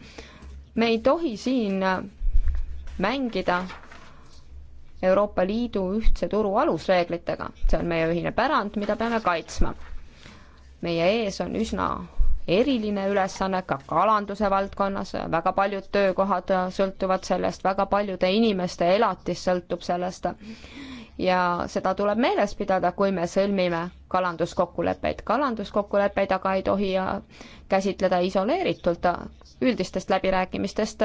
C: me ei tohi siin äh, mängida Euroopa Liidu ühtse turu alusreeglitega, see on meie ühine pärand, mida peame kaitsma. meie ees on üsna eriline ülesanne ka kalanduse valdkonnas, väga paljud töökohad sõltuvad sellest, väga paljude inimeste elatis sõltub sellest. ja seda tuleb meeles pidada, kui me sõlmime kalanduskokkuleppeid. kalanduskokkuleppeid aga ei tohi käsitleda isoleeritult, üldistest läbirääkimistest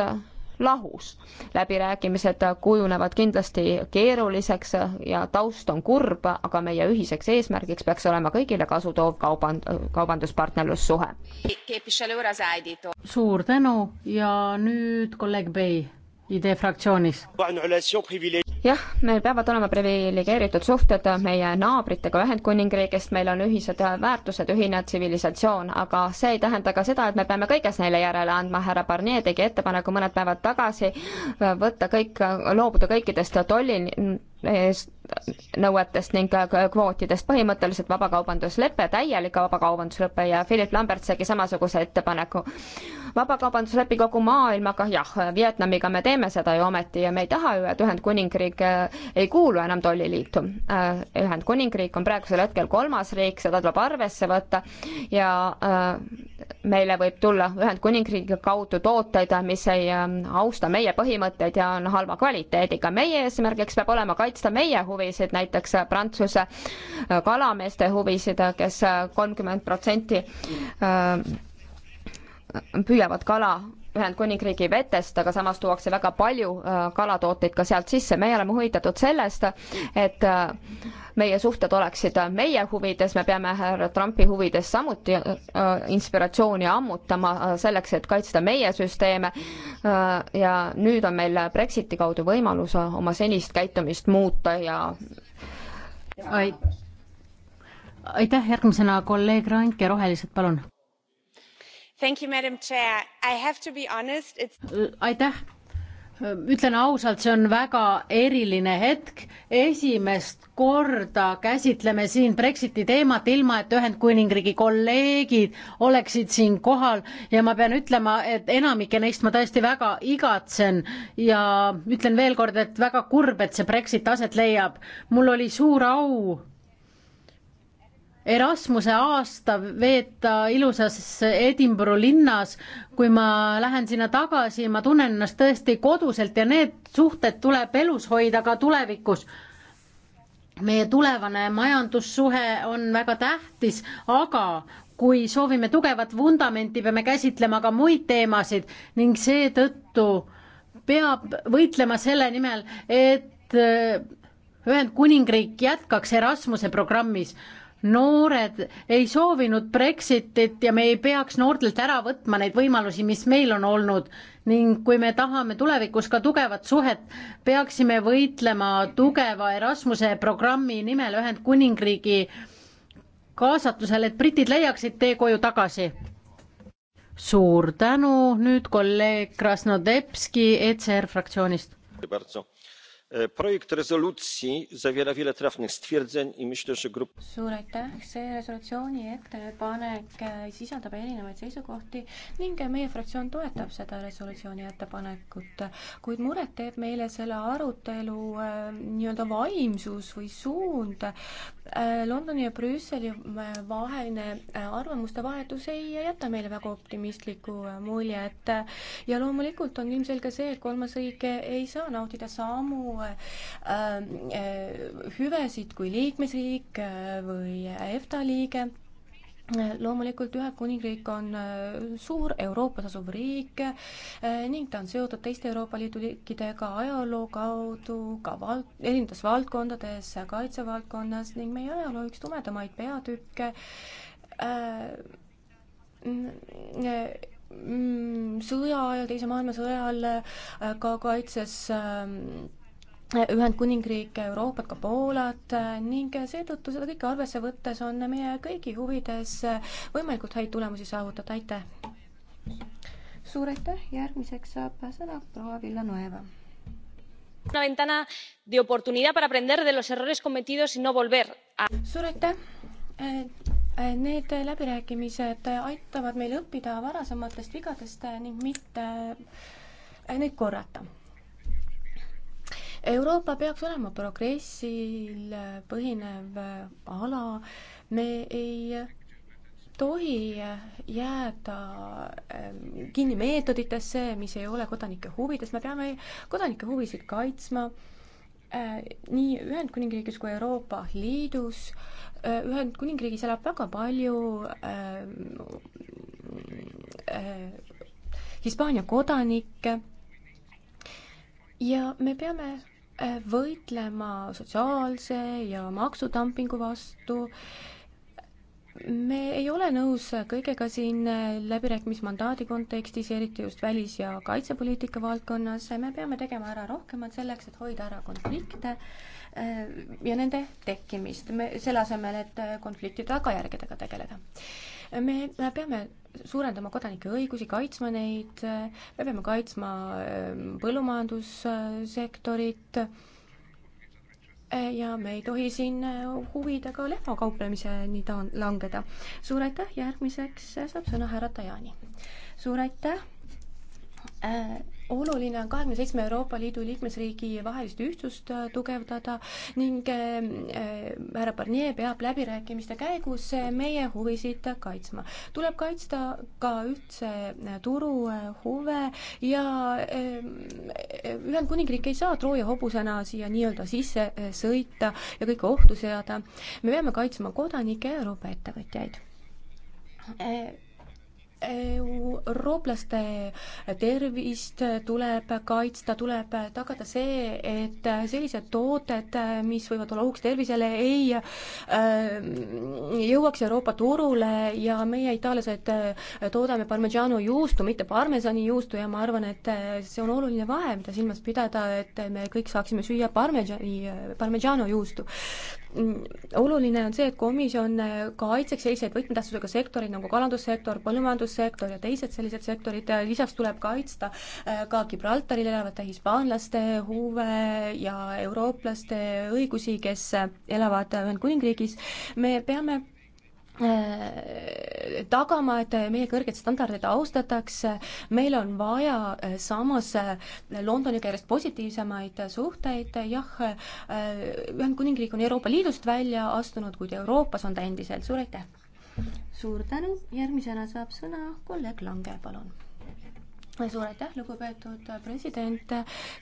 C: lahus. läbirääkimised kujunevad kindlasti keeruliseks ja taust on kurb, aga meie ühiseks eesmärgiks peaks olema kõigile kasu toov kauband-, kaubanduspartnerlussuhe.
B: suur tänu ja nüüd kolleeg Bey idee fraktsioonis. jah, meil peavad olema priviligeeritud suhted
C: meie naabritega Ühendkuningriigist, meil on ühised väärtused, ühine tsivilisatsioon, aga see ei tähenda ka seda, et me peame kõiges neile järele andma, härra Barnier tegi ettepaneku mõned päevad tagasi võtta kõik, loobuda kõikidest tolli nõuetest ning äh, kvootidest. põhimõtteliselt vabakaubanduslepe, täielik vabakaubanduslepe ja Philip Lambert tegi samasuguse ettepaneku. vabakaubanduslepi kogu maailmaga, jah, Vietnamiga me teeme seda ju ometi ja me ei taha ju, et Ühendkuningriik äh, ei kuulu enam tolliliitu. Äh, Ühendkuningriik on praegusel hetkel kolmas riik, seda tuleb arvesse võtta ja meile võib tulla Ühendkuningriigi kaudu tooteid, mis ei austa meie põhimõtteid ja on halva kvaliteediga. meie eesmärgiks peab olema kaitsta meie huve, huvisid, näiteks Prantsuse äh, kalameeste huvisid, kes kolmkümmend protsenti äh, püüavad kala Ühendkuningriigi vetest, aga samas tuuakse väga palju äh, kalatooteid ka sealt sisse. meie oleme huvitatud sellest, et äh, meie suhted oleksid meie huvides, me peame härra Trumpi huvides samuti äh, inspiratsiooni ammutama selleks, et kaitsta meie süsteeme. ja nüüd on meil Brexiti kaudu võimalus oma senist käitumist muuta ja
B: aitäh, järgmisena kolleeg Randke, Rohelised, palun aitäh, ütlen ausalt, see on väga eriline hetk, esimest korda käsitleme siin Brexiti teemat, ilma et Ühendkuningriigi kolleegid oleksid siin kohal ja ma pean ütlema, et enamike neist ma tõesti väga igatsen ja ütlen veel kord, et väga kurb, et see Brexit aset leiab. mul oli suur au Erasmuse aasta veeta ilusas Edinburgh linnas, kui ma lähen sinna tagasi, ma tunnen ennast tõesti koduselt ja need suhted tuleb elus hoida ka tulevikus. meie tulevane majandussuhe on väga tähtis, aga kui soovime tugevat vundamenti, peame käsitlema ka muid teemasid ning seetõttu peab võitlema selle nimel, et Ühendkuningriik jätkaks Erasmuse programmis noored ei soovinud Brexitit ja me ei peaks noortelt ära võtma neid võimalusi, mis meil on olnud ning kui me tahame tulevikus ka tugevat suhet, peaksime võitlema tugeva Erasmuse programmi nimel Ühendkuningriigi kaasatusel, et britid leiaksid tee koju tagasi. suur tänu, nüüd kolleeg Krasnodebski ECR fraktsioonist.
A: E, projekt resolutsi zawiera wiele trafnych stwierdzeń i myślę że grup. suur aitäh see resolutsiooni ettepanek e, sisaldab erinevaid seisukohti ning meie fraktsioon toetab seda resolutsiooni ettepanekut kuid muret teeb meile selle arutelu e, nii-öelda vaimsus või suund Londoni ja Brüsseli vaheline arvamuste vahetus ei jäta meile väga optimistlikku muljet ja loomulikult on ilmselge see et kolmas riik ei saa nautida samu Äh, ähm, äh, hüvesid kui liikmesriik äh, või EFTA liige loomulikult Ühendkuningriik on suur Euroopas asuv riik ning ta on seotud teiste Euroopa Liidu riikidega ajaloo kaudu ka val-, erinevates valdkondades, kaitsevaldkonnas ning meie ajaloo üks tumedamaid peatükke äh, mm, sõja ajal, Teise maailmasõja ajal ka kaitses äh, Ühendkuningriik, Euroopat, ka Poolat äh, ning seetõttu seda kõike arvesse võttes on meie kõigi huvides äh, võimalikult häid tulemusi saavutada, aitäh! suur aitäh, järgmiseks saab sõna proua Villanueva.
C: Una ventana de oportunidad para aprender de los errores cometidos y no volver a. suur aitäh!
A: Äh, need läbirääkimised aitavad meil õppida varasematest vigadest ning mitte neid korrata Euroopa peaks olema progressil põhinev äh, ala, me ei tohi jääda äh, kinni meetoditesse, mis ei ole kodanike huvides, me peame kodanike huvisid kaitsma äh, nii Ühendkuningriigis kui Euroopa Liidus. Ühendkuningriigis elab väga palju äh, äh, Hispaania kodanikke ja me peame võitlema sotsiaalse ja maksudumpingu vastu. me ei ole nõus kõigega siin läbirääkimismandaadi kontekstis, eriti just välis- ja kaitsepoliitika valdkonnas, me peame tegema ära rohkemat selleks, et hoida ära konflikte äh, ja nende tekkimist, me, selle asemel, et konflikti tagajärgedega tegeleda me peame suurendama kodanike õigusi, kaitsma neid, me peame kaitsma ähm, põllumajandussektorit äh, ja me ei tohi siin äh, huvidega lehmakauplemiseni ta-, langeda. suur aitäh, järgmiseks äh, saab sõna härra Tajani. suur aitäh äh,, oluline on kahekümne seitsme Euroopa Liidu liikmesriigi vahelist ühtsust äh, tugevdada ning äh, äh, härra Barnier peab läbirääkimiste käigus meie huvisid kaitsma. tuleb kaitsta ka ühtse turu huve ja Ühendkuningriik ei saa Trooja hobusena siia nii-öelda sisse sõita ja kõike ohtu seada. me peame kaitsma kodanikke ja Euroopa ettevõtjaid eurooplaste tervist tuleb kaitsta, tuleb tagada see, et sellised tooted, mis võivad olla ohuks tervisele, ei äh, jõuaks Euroopa turule ja meie, itaallased, äh, toodame parmigiano juustu, mitte parmesani juustu ja ma arvan, et äh, see on oluline vahe, mida silmas pidada, et me kõik saaksime süüa parmigiani, parmigiano juustu Mm, oluline on see, et komisjon äh, kaitseks selliseid võtmetähtsusega sektoreid nagu kalandussektor, põllumajandussektor ja teised sellised sektorid, lisaks tuleb kaitsta äh, ka Gibraltaril elavate hispaanlaste huve ja eurooplaste õigusi, kes äh, elavad Ühendkuningriigis, me peame Äh, tagama, et meie kõrgeid standardeid austatakse, meil on vaja äh, samas äh, Londoniga järjest positiivsemaid suhteid, jah, Ühendkuningriik on Euroopa Liidust välja astunud, kuid Euroopas on ta endiselt, suur aitäh! suur tänu, järgmisena saab sõna kolleeg Lange, palun suur aitäh, lugupeetud president.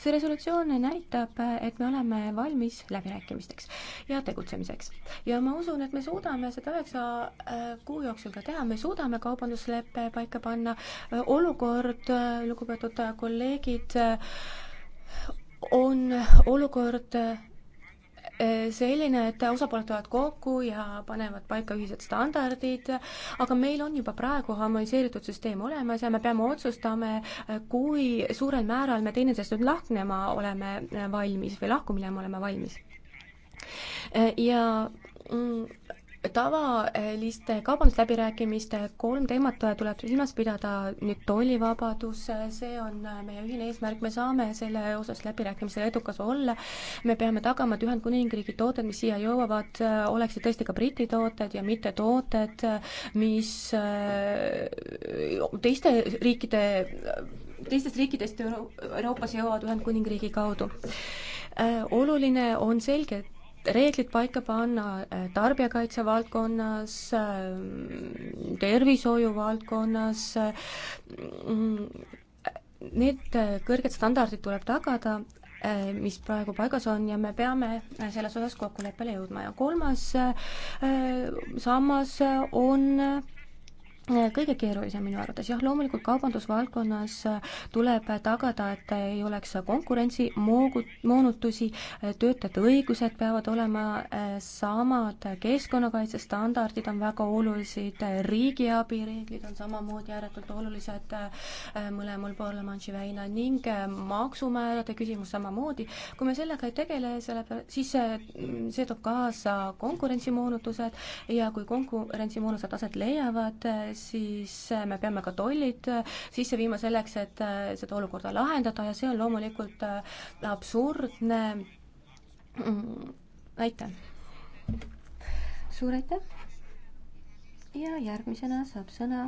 A: see resolutsioon näitab, et me oleme valmis läbirääkimisteks ja tegutsemiseks. ja ma usun, et me suudame seda üheksa äh, kuu jooksul ka teha, me suudame kaubandusleppe paika panna. olukord, äh, lugupeetud kolleegid, äh, on olukord Eh, selline, et osapooled tulevad kokku ja panevad paika ühised standardid, aga meil on juba praegu harmoniseeritud süsteem olemas ja me peame otsustama, eh, kui suurel määral me teineteisest nüüd lahknema oleme eh, valmis või lahku minema oleme valmis. ja mm, tavaliste kaubandusläbirääkimiste kolm teemat tuleb silmas pidada, nüüd tollivabadus, see on meie ühine eesmärk, me saame selle osas läbirääkimisel edukas olla, me peame tagama, et Ühendkuningriigi tooted, mis siia jõuavad, oleksid tõesti ka Briti tooted ja mitte tooted, mis äh, teiste riikide, teistest riikidest Euro Euroopas jõuavad Ühendkuningriigi kaudu äh, oluline on selge reeglid paika panna äh, tarbijakaitse valdkonnas, äh, tervishoiu valdkonnas, äh, mm, need kõrged standardid tuleb tagada, mis praegu paigas on ja me peame selles osas kokkuleppele jõudma ja kolmas sammas on kõige keerulisem minu arvates, jah, loomulikult kaubandusvaldkonnas tuleb tagada, et ei oleks konkurentsi moogu-, moonutusi, töötajate õigused peavad olema eh, samad, keskkonnakaitsestandardid on väga olulised, riigiabi reeglid on samamoodi ääretult olulised eh, mõlemal pool La Manche'i väina ning eh, maksumäärade küsimus samamoodi. kui me sellega ei tegele, selle peale, siis see, see toob kaasa konkurentsimoonutused ja kui konkurentsimoonutused aset leiavad, siis eh, me peame ka tollid eh, sisse viima selleks, et eh, seda olukorda lahendada ja see on loomulikult absurdne. Mm, aitäh. suur aitäh. ja järgmisena saab sõna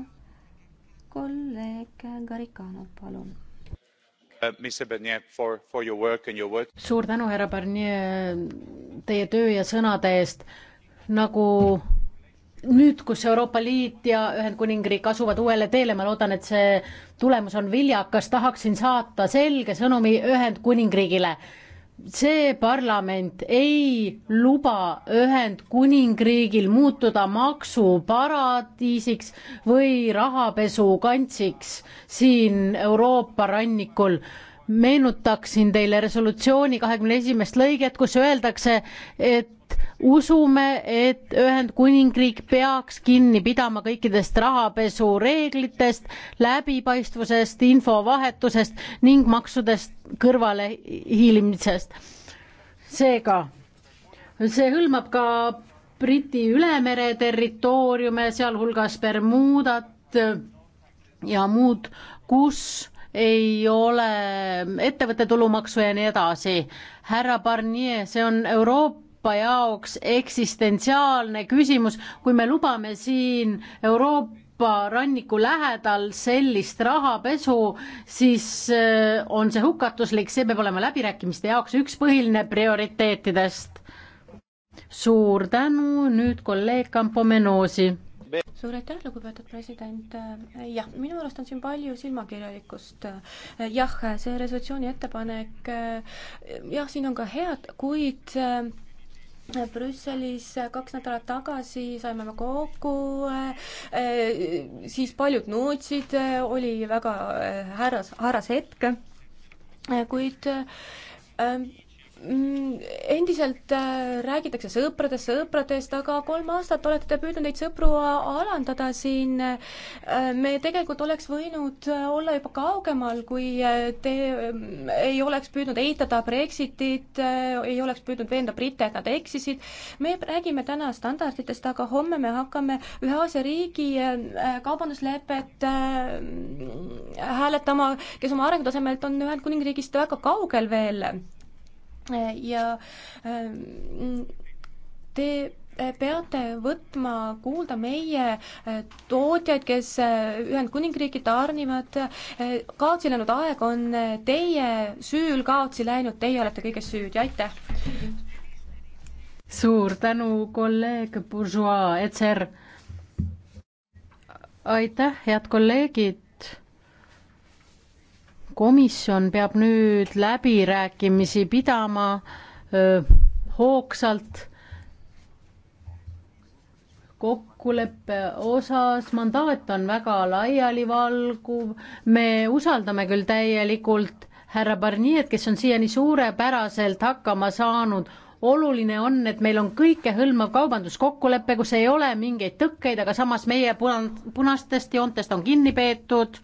B: kolleeg Garikano, palun uh, Barnier, for, for suur tänu, härra Barnier, teie töö ja sõnade eest. nagu nüüd, kus Euroopa Liit ja Ühendkuningriik asuvad uuele teele, ma loodan, et see tulemus on viljakas, tahaksin saata selge sõnumi Ühendkuningriigile. see parlament ei luba Ühendkuningriigil muutuda maksuparadiisiks või rahapesukantsiks siin Euroopa rannikul meenutaksin teile resolutsiooni kahekümne esimest lõiget, kus öeldakse, et usume, et Ühendkuningriik peaks kinni pidama kõikidest rahapesureeglitest, läbipaistvusest, infovahetusest ning maksudest kõrvalehiilimisest. seega, see hõlmab ka Briti ülemere territooriume, sealhulgas Bermudat ja muud, kus ei ole ettevõtte tulumaksu ja nii edasi. härra Barnier, see on Euroopa Euroopa jaoks eksistentsiaalne küsimus, kui me lubame siin Euroopa Euroopa ranniku lähedal sellist rahapesu, siis äh, on see hukatuslik, see peab olema läbirääkimiste jaoks üks põhiline prioriteetidest. suur tänu, nüüd kolleeg Campo Menosi.
A: suur aitäh, lugupeetud president. Äh, jah, minu arust on siin palju silmakirjalikkust. Äh, jah, see resolutsiooni ettepanek, jah, siin on ka head, kuid Brüsselis kaks nädalat tagasi saime me kokku, siis paljud nutsid, oli väga äh, härras, härras hetk, kuid ähm, Mm, endiselt äh, räägitakse sõpradest, sõpradest, aga kolm aastat olete te püüdnud neid sõpru alandada siin. Äh, me tegelikult oleks võinud äh, olla juba kaugemal, kui te mm, ei oleks püüdnud eitada Brexitit, ei oleks püüdnud veenda britte, et nad eksisid. me räägime täna standarditest, aga homme me hakkame ühe Aasia riigi kaubanduslepet hääletama, kes oma arengutasemelt on Ühendkuningriigist väga kaugel veel ja äh, te peate võtma kuulda meie äh, tootjaid, kes äh, Ühendkuningriiki tarnivad. kaotsi läinud aeg on teie süül kaotsi läinud, teie olete kõiges süüdi, aitäh.
B: suur tänu, kolleeg Bourgeois, ETSR. aitäh, head kolleegid komisjon peab nüüd läbirääkimisi pidama öö, hoogsalt kokkuleppe osas, mandaat on väga laialivalguv, me usaldame küll täielikult härra Barnier'd, kes on siiani suurepäraselt hakkama saanud, oluline on, et meil on kõikehõlmav kaubanduskokkulepe, kus ei ole mingeid tõkkeid, aga samas meie puna-, punastest joontest on kinni peetud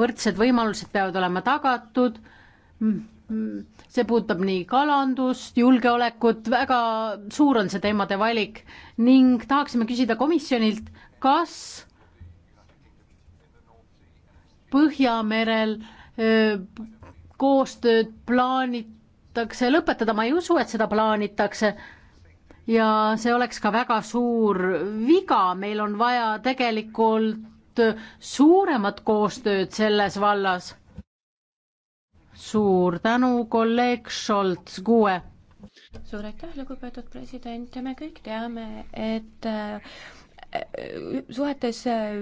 B: võrdsed võimalused peavad olema tagatud, mm, mm, see puudutab nii kalandust, julgeolekut, väga suur on see teemade valik ning tahaksime küsida komisjonilt, kas Põhjamerel öö, koostööd plaanitakse lõpetada, ma ei usu, et seda plaanitakse, ja see oleks ka väga suur viga, meil on vaja tegelikult suuremat koostööd selles vallas. suur tänu, kolleeg Scholz, kuue.
A: suur aitäh, lugupeetud president ja me kõik teame,
B: et äh, suhetes äh,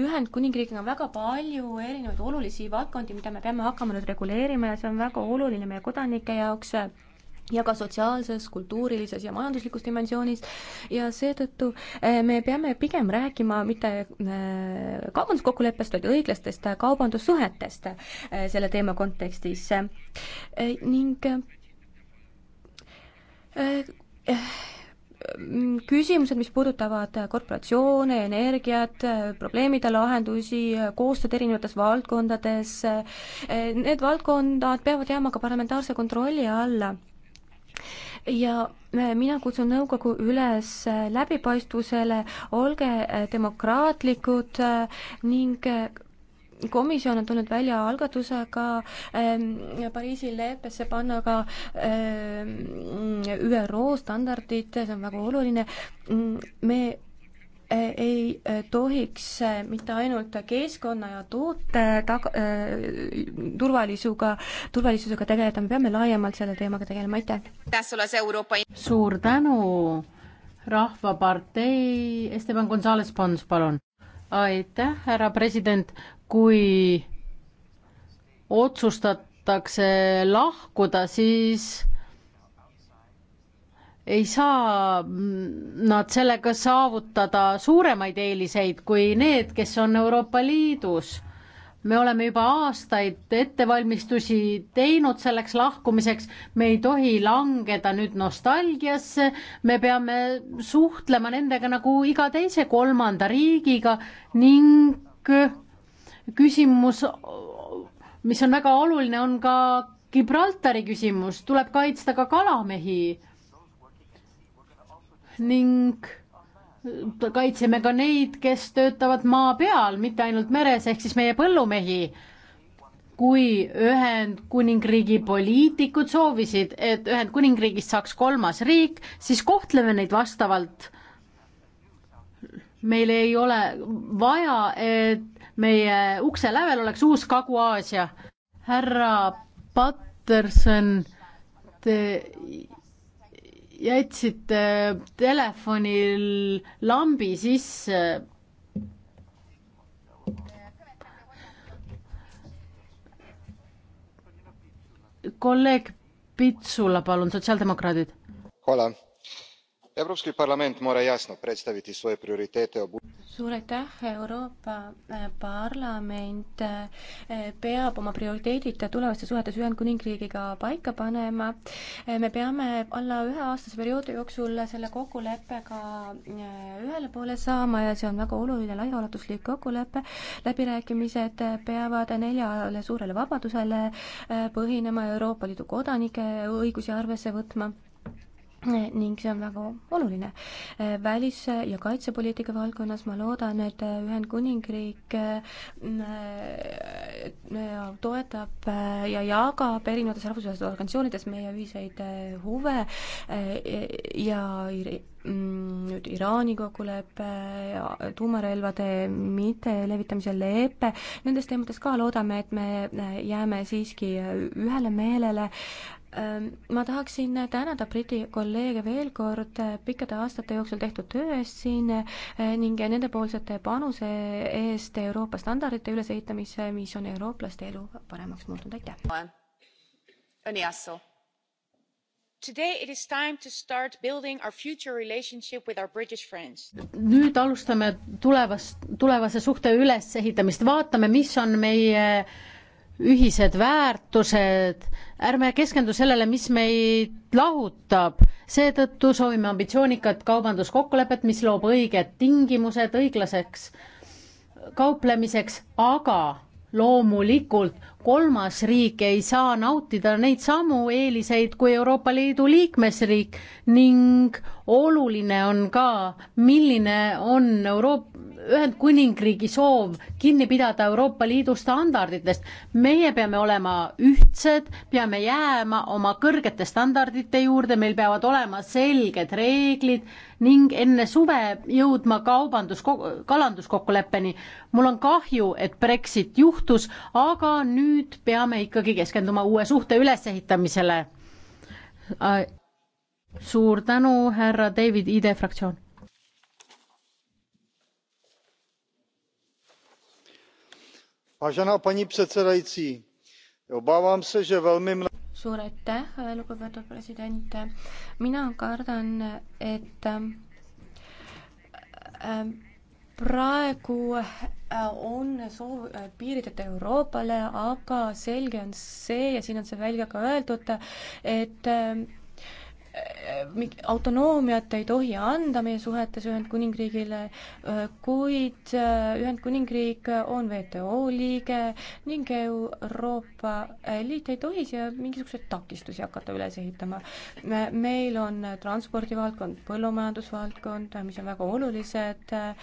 A: Ühendkuningriigiga on väga palju erinevaid olulisi valdkondi, mida me peame hakkama nüüd reguleerima ja see on väga oluline meie kodanike jaoks ja ka sotsiaalses, kultuurilises ja majanduslikus dimensioonis ja seetõttu eh, me peame pigem rääkima mitte eh, kaubanduskokkuleppest, vaid õiglastest eh, kaubandussuhetest selle teema kontekstis. ning küsimused, mis puudutavad korporatsioone, energiat, probleemide lahendusi, koostööd erinevates valdkondades, need valdkonnad peavad jääma ka parlamentaarse kontrolli alla ja äh, mina kutsun nõukogu üles äh, läbipaistvusele, olge äh, demokraatlikud ning komisjon on tulnud välja algatusega ähm, Pariisi leppesse panna ka ähm, ÜRO standardid, see on väga oluline, mm, me ei eh, tohiks eh, mitte ainult keskkonna ja toote tag-, eh, turvalisusega, turvalisusega tegeleda, me peame laiemalt selle teemaga tegelema, aitäh!
B: suur tänu, Rahvapartei, Esteban Gonzalez Pons, palun! aitäh, härra president, kui otsustatakse lahkuda, siis ei saa mm, nad sellega saavutada suuremaid eeliseid kui need, kes on Euroopa Liidus. me oleme juba aastaid ettevalmistusi teinud selleks lahkumiseks, me ei tohi langeda nüüd nostalgiasse, me peame suhtlema nendega nagu iga teise kolmanda riigiga ning küsimus, mis on väga oluline, on ka Gibraltari küsimus, tuleb kaitsta ka kalamehi ning kaitseme ka neid, kes töötavad maa peal, mitte ainult meres, ehk siis meie põllumehi. kui Ühendkuningriigi poliitikud soovisid, et Ühendkuningriigist saaks kolmas riik, siis kohtleme neid vastavalt. meil ei ole vaja, et meie ukse lävel oleks uus Kagu-Aasia. härra Patterson, te jätsite telefonil lambi sisse. kolleeg Pitsula, palun, sotsiaaldemokraadid europski parlament mora jasno predstaviti svoje prioritete.
A: suur aitäh, Euroopa eh, Parlament eh, peab oma prioriteedid tulevastes suhetes Ühendkuningriigiga paika panema. Eh, me peame alla üheaastase perioodi jooksul selle kokkuleppega ühele poole saama ja see on väga oluline laiaulatuslik kokkulepe. läbirääkimised peavad neljale suurele vabadusele põhinema Euroopa Liidu kodanike õigusi arvesse võtma ning see on väga oluline. välis- ja kaitsepoliitika valdkonnas ma loodan, et Ühendkuningriik äh, äh, toetab äh, ja jagab erinevates rahvusvahelistes organisatsioonides meie ühiseid huve ja mm, nüüd Iraani kokkulepe, tuumarelvade mittelevitamise lepe, nendes teemades ka loodame, et me jääme siiski ühele meelele Ehm, ma tahaksin tänada Briti kolleege veel kord eh, pikkade aastate jooksul tehtud töö eest siin eh, ning nendepoolsete panuse eest Euroopa standardite ülesehitamisse, mis on eurooplaste elu paremaks muutnud, aitäh! Today it is time to start building our future relationship with our British friends.
B: nüüd alustame tulevast, tulevase suhte ülesehitamist, vaatame, mis on meie äh, ühised väärtused, ärme keskendu sellele, mis meid lahutab. seetõttu soovime ambitsioonikat kaubanduskokkulepet, mis loob õiged tingimused õiglaseks kauplemiseks, aga loomulikult kolmas riik ei saa nautida neid samu eeliseid kui Euroopa Liidu liikmesriik ning oluline on ka, milline on Euroopa Ühendkuningriigi soov kinni pidada Euroopa Liidu standarditest. meie peame olema ühtsed, peame jääma oma kõrgete standardite juurde, meil peavad olema selged reeglid ning enne suve jõudma kaubandus, kalanduskokkuleppeni. mul on kahju, et Brexit juhtus, aga nüüd peame ikkagi keskenduma uue suhte ülesehitamisele. suur tänu, härra David, ID e fraktsioon
A: paní předsedající obávám se že velmi. suur aitäh lugupeetud president mina kardan et äh, praegu äh, on soov äh, piirideta Euroopale, aga selge on see ja siin on see välja ka öeldud, et autonoomiat ei tohi anda meie suhetes Ühendkuningriigile, kuid äh, Ühendkuningriik on WTO liige ning Euroopa Liit ei tohi siia mingisuguseid takistusi hakata üles ehitama. meil on transpordivaldkond, põllumajandusvaldkond, mis on väga olulised äh,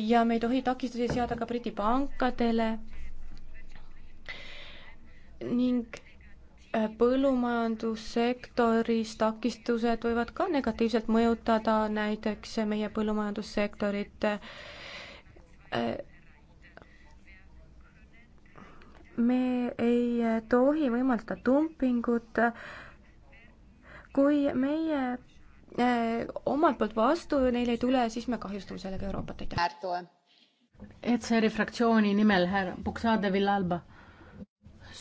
A: ja me ei tohi takistusi seada ka Briti pankadele ning Äh, põllumajandussektoris takistused võivad ka negatiivselt mõjutada näiteks meie põllumajandussektorit. Äh, me ei tohi võimaldada dumpingut. kui meie äh,
B: omalt poolt vastu neile ei tule, siis me kahjustame sellega Euroopat, aitäh. ECR-i fraktsiooni nimel härra Buksade Villalba.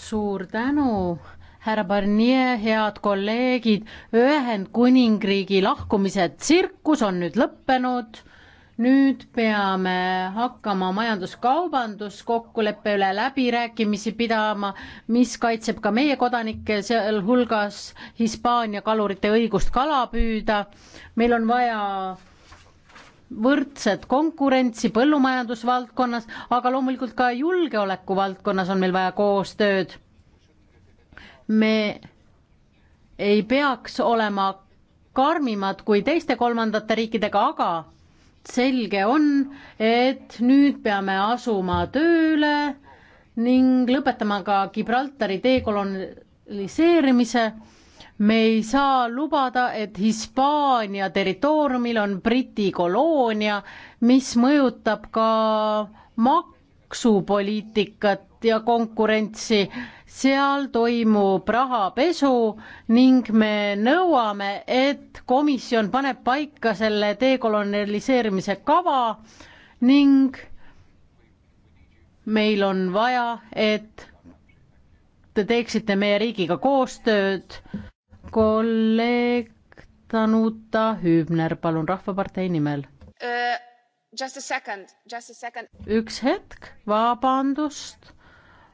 B: suur tänu härra Barnier, head kolleegid, Ühendkuningriigi lahkumise tsirkus on nüüd lõppenud, nüüd peame hakkama majanduskaubanduskokkuleppe üle läbirääkimisi pidama, mis kaitseb ka meie kodanikke, sealhulgas Hispaania kalurite õigust kala püüda. meil on vaja võrdset konkurentsi põllumajandusvaldkonnas, aga loomulikult ka julgeoleku valdkonnas on meil vaja koostööd me ei peaks olema karmimad kui teiste kolmandate riikidega, aga selge on, et nüüd peame asuma tööle ning lõpetama ka Gibraltari dekoloniseerimise. me ei saa lubada, et Hispaania territooriumil on Briti koloonia, mis mõjutab ka maksupoliitikat ja konkurentsi seal toimub rahapesu ning me nõuame, et komisjon paneb paika selle dekoloniseerimise kava ning meil on vaja, et te teeksite meie riigiga koostööd. kolleeg Tanuta Hübner, palun, Rahvapartei nimel
C: uh,. Just a second, just a second.
B: üks hetk, vabandust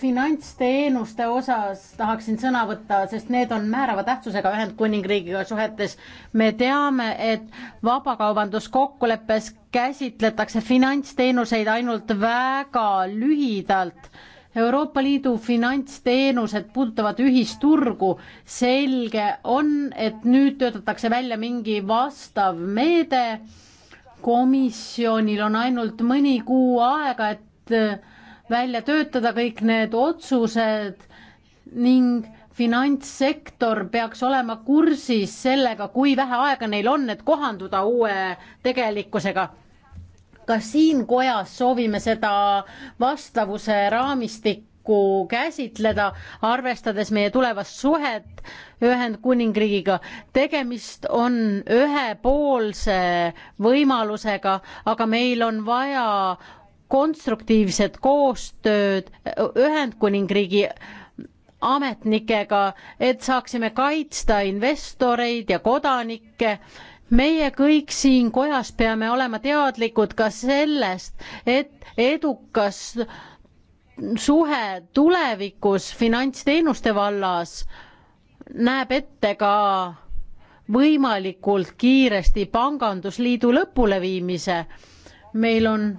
B: finantsteenuste osas tahaksin sõna võtta, sest need on määrava tähtsusega Ühendkuningriigiga suhetes. me teame, et vabakaubanduskokkuleppes käsitletakse finantsteenuseid ainult väga lühidalt. Euroopa Liidu finantsteenused puudutavad ühisturgu. selge on, et nüüd töötatakse välja mingi vastav meede. komisjonil on ainult mõni kuu aega, et välja töötada kõik need otsused ning finantssektor peaks olema kursis sellega, kui vähe aega neil on, et kohanduda uue tegelikkusega. ka siin kojas soovime seda vastavuse raamistikku käsitleda, arvestades meie tulevast suhet Ühendkuningriigiga. tegemist on ühepoolse võimalusega, aga meil on vaja konstruktiivset koostööd Ühendkuningriigi ametnikega, et saaksime kaitsta investoreid ja kodanikke. meie kõik siin kojas peame olema teadlikud ka sellest, et edukas suhe tulevikus finantsteenuste vallas näeb ette ka võimalikult kiiresti pangandusliidu lõpuleviimise. meil on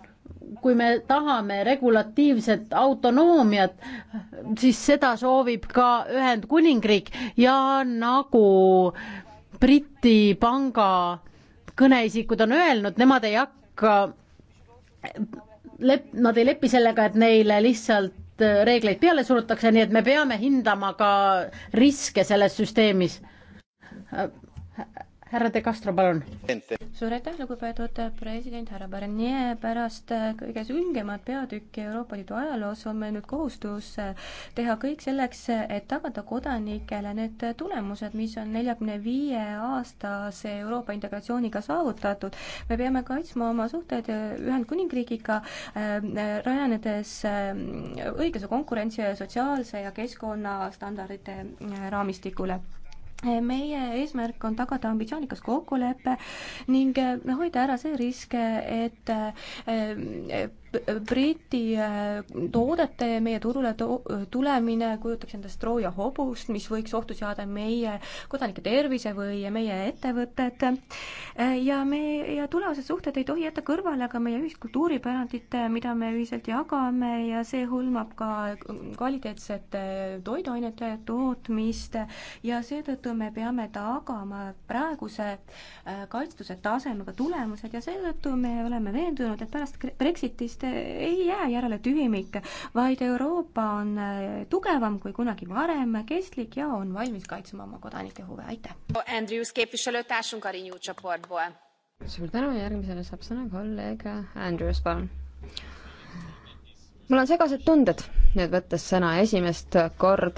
B: kui me tahame regulatiivset autonoomiat, siis seda soovib ka Ühendkuningriik ja nagu Briti panga kõneisikud on öelnud, nemad ei hakka, lep-, nad ei lepi sellega, et neile lihtsalt reegleid peale surutakse, nii et me peame hindama ka riske selles süsteemis härra De Castro, palun.
A: suur aitäh, lugupeetud president, härra Barnier, pärast kõige süngemat peatükki Euroopa Liidu ajaloos on meil nüüd kohustus teha kõik selleks, et tagada kodanikele need tulemused, mis on neljakümne viie aastase Euroopa integratsiooniga saavutatud. me peame kaitsma oma suhted Ühendkuningriigiga, äh, rajanedes äh, õiglase konkurentsi ja sotsiaalse ja keskkonnastandardite äh, raamistikule meie eesmärk on tagada ambitsioonikas kokkulepe ning eh, hoida ära see risk, et eh, Briti äh, toodete meie turule to-, tulemine kujutaks endast Trooja hobust, mis võiks ohtu seada meie kodanike tervise või meie ettevõtted. Äh, ja me, ja tulevased suhted ei tohi jätta kõrvale ka meie ühist kultuuripärandit, äh, mida me ühiselt jagame ja see hõlmab ka kvaliteetsete toiduainete tootmist ja seetõttu me peame tagama praeguse kaitstuse tasemega tulemused ja seetõttu me oleme veendunud, et pärast Brexitist Liit ei jää järele tühimik, vaid Euroopa on äh, tugevam kui kunagi
C: varem, kestlik ja on valmis kaitsma oma kodanike huve, aitäh! suur tänu, järgmisena saab sõna kolleeg Andrews, palun! mul on segased tunded nüüd võttes sõna esimest korda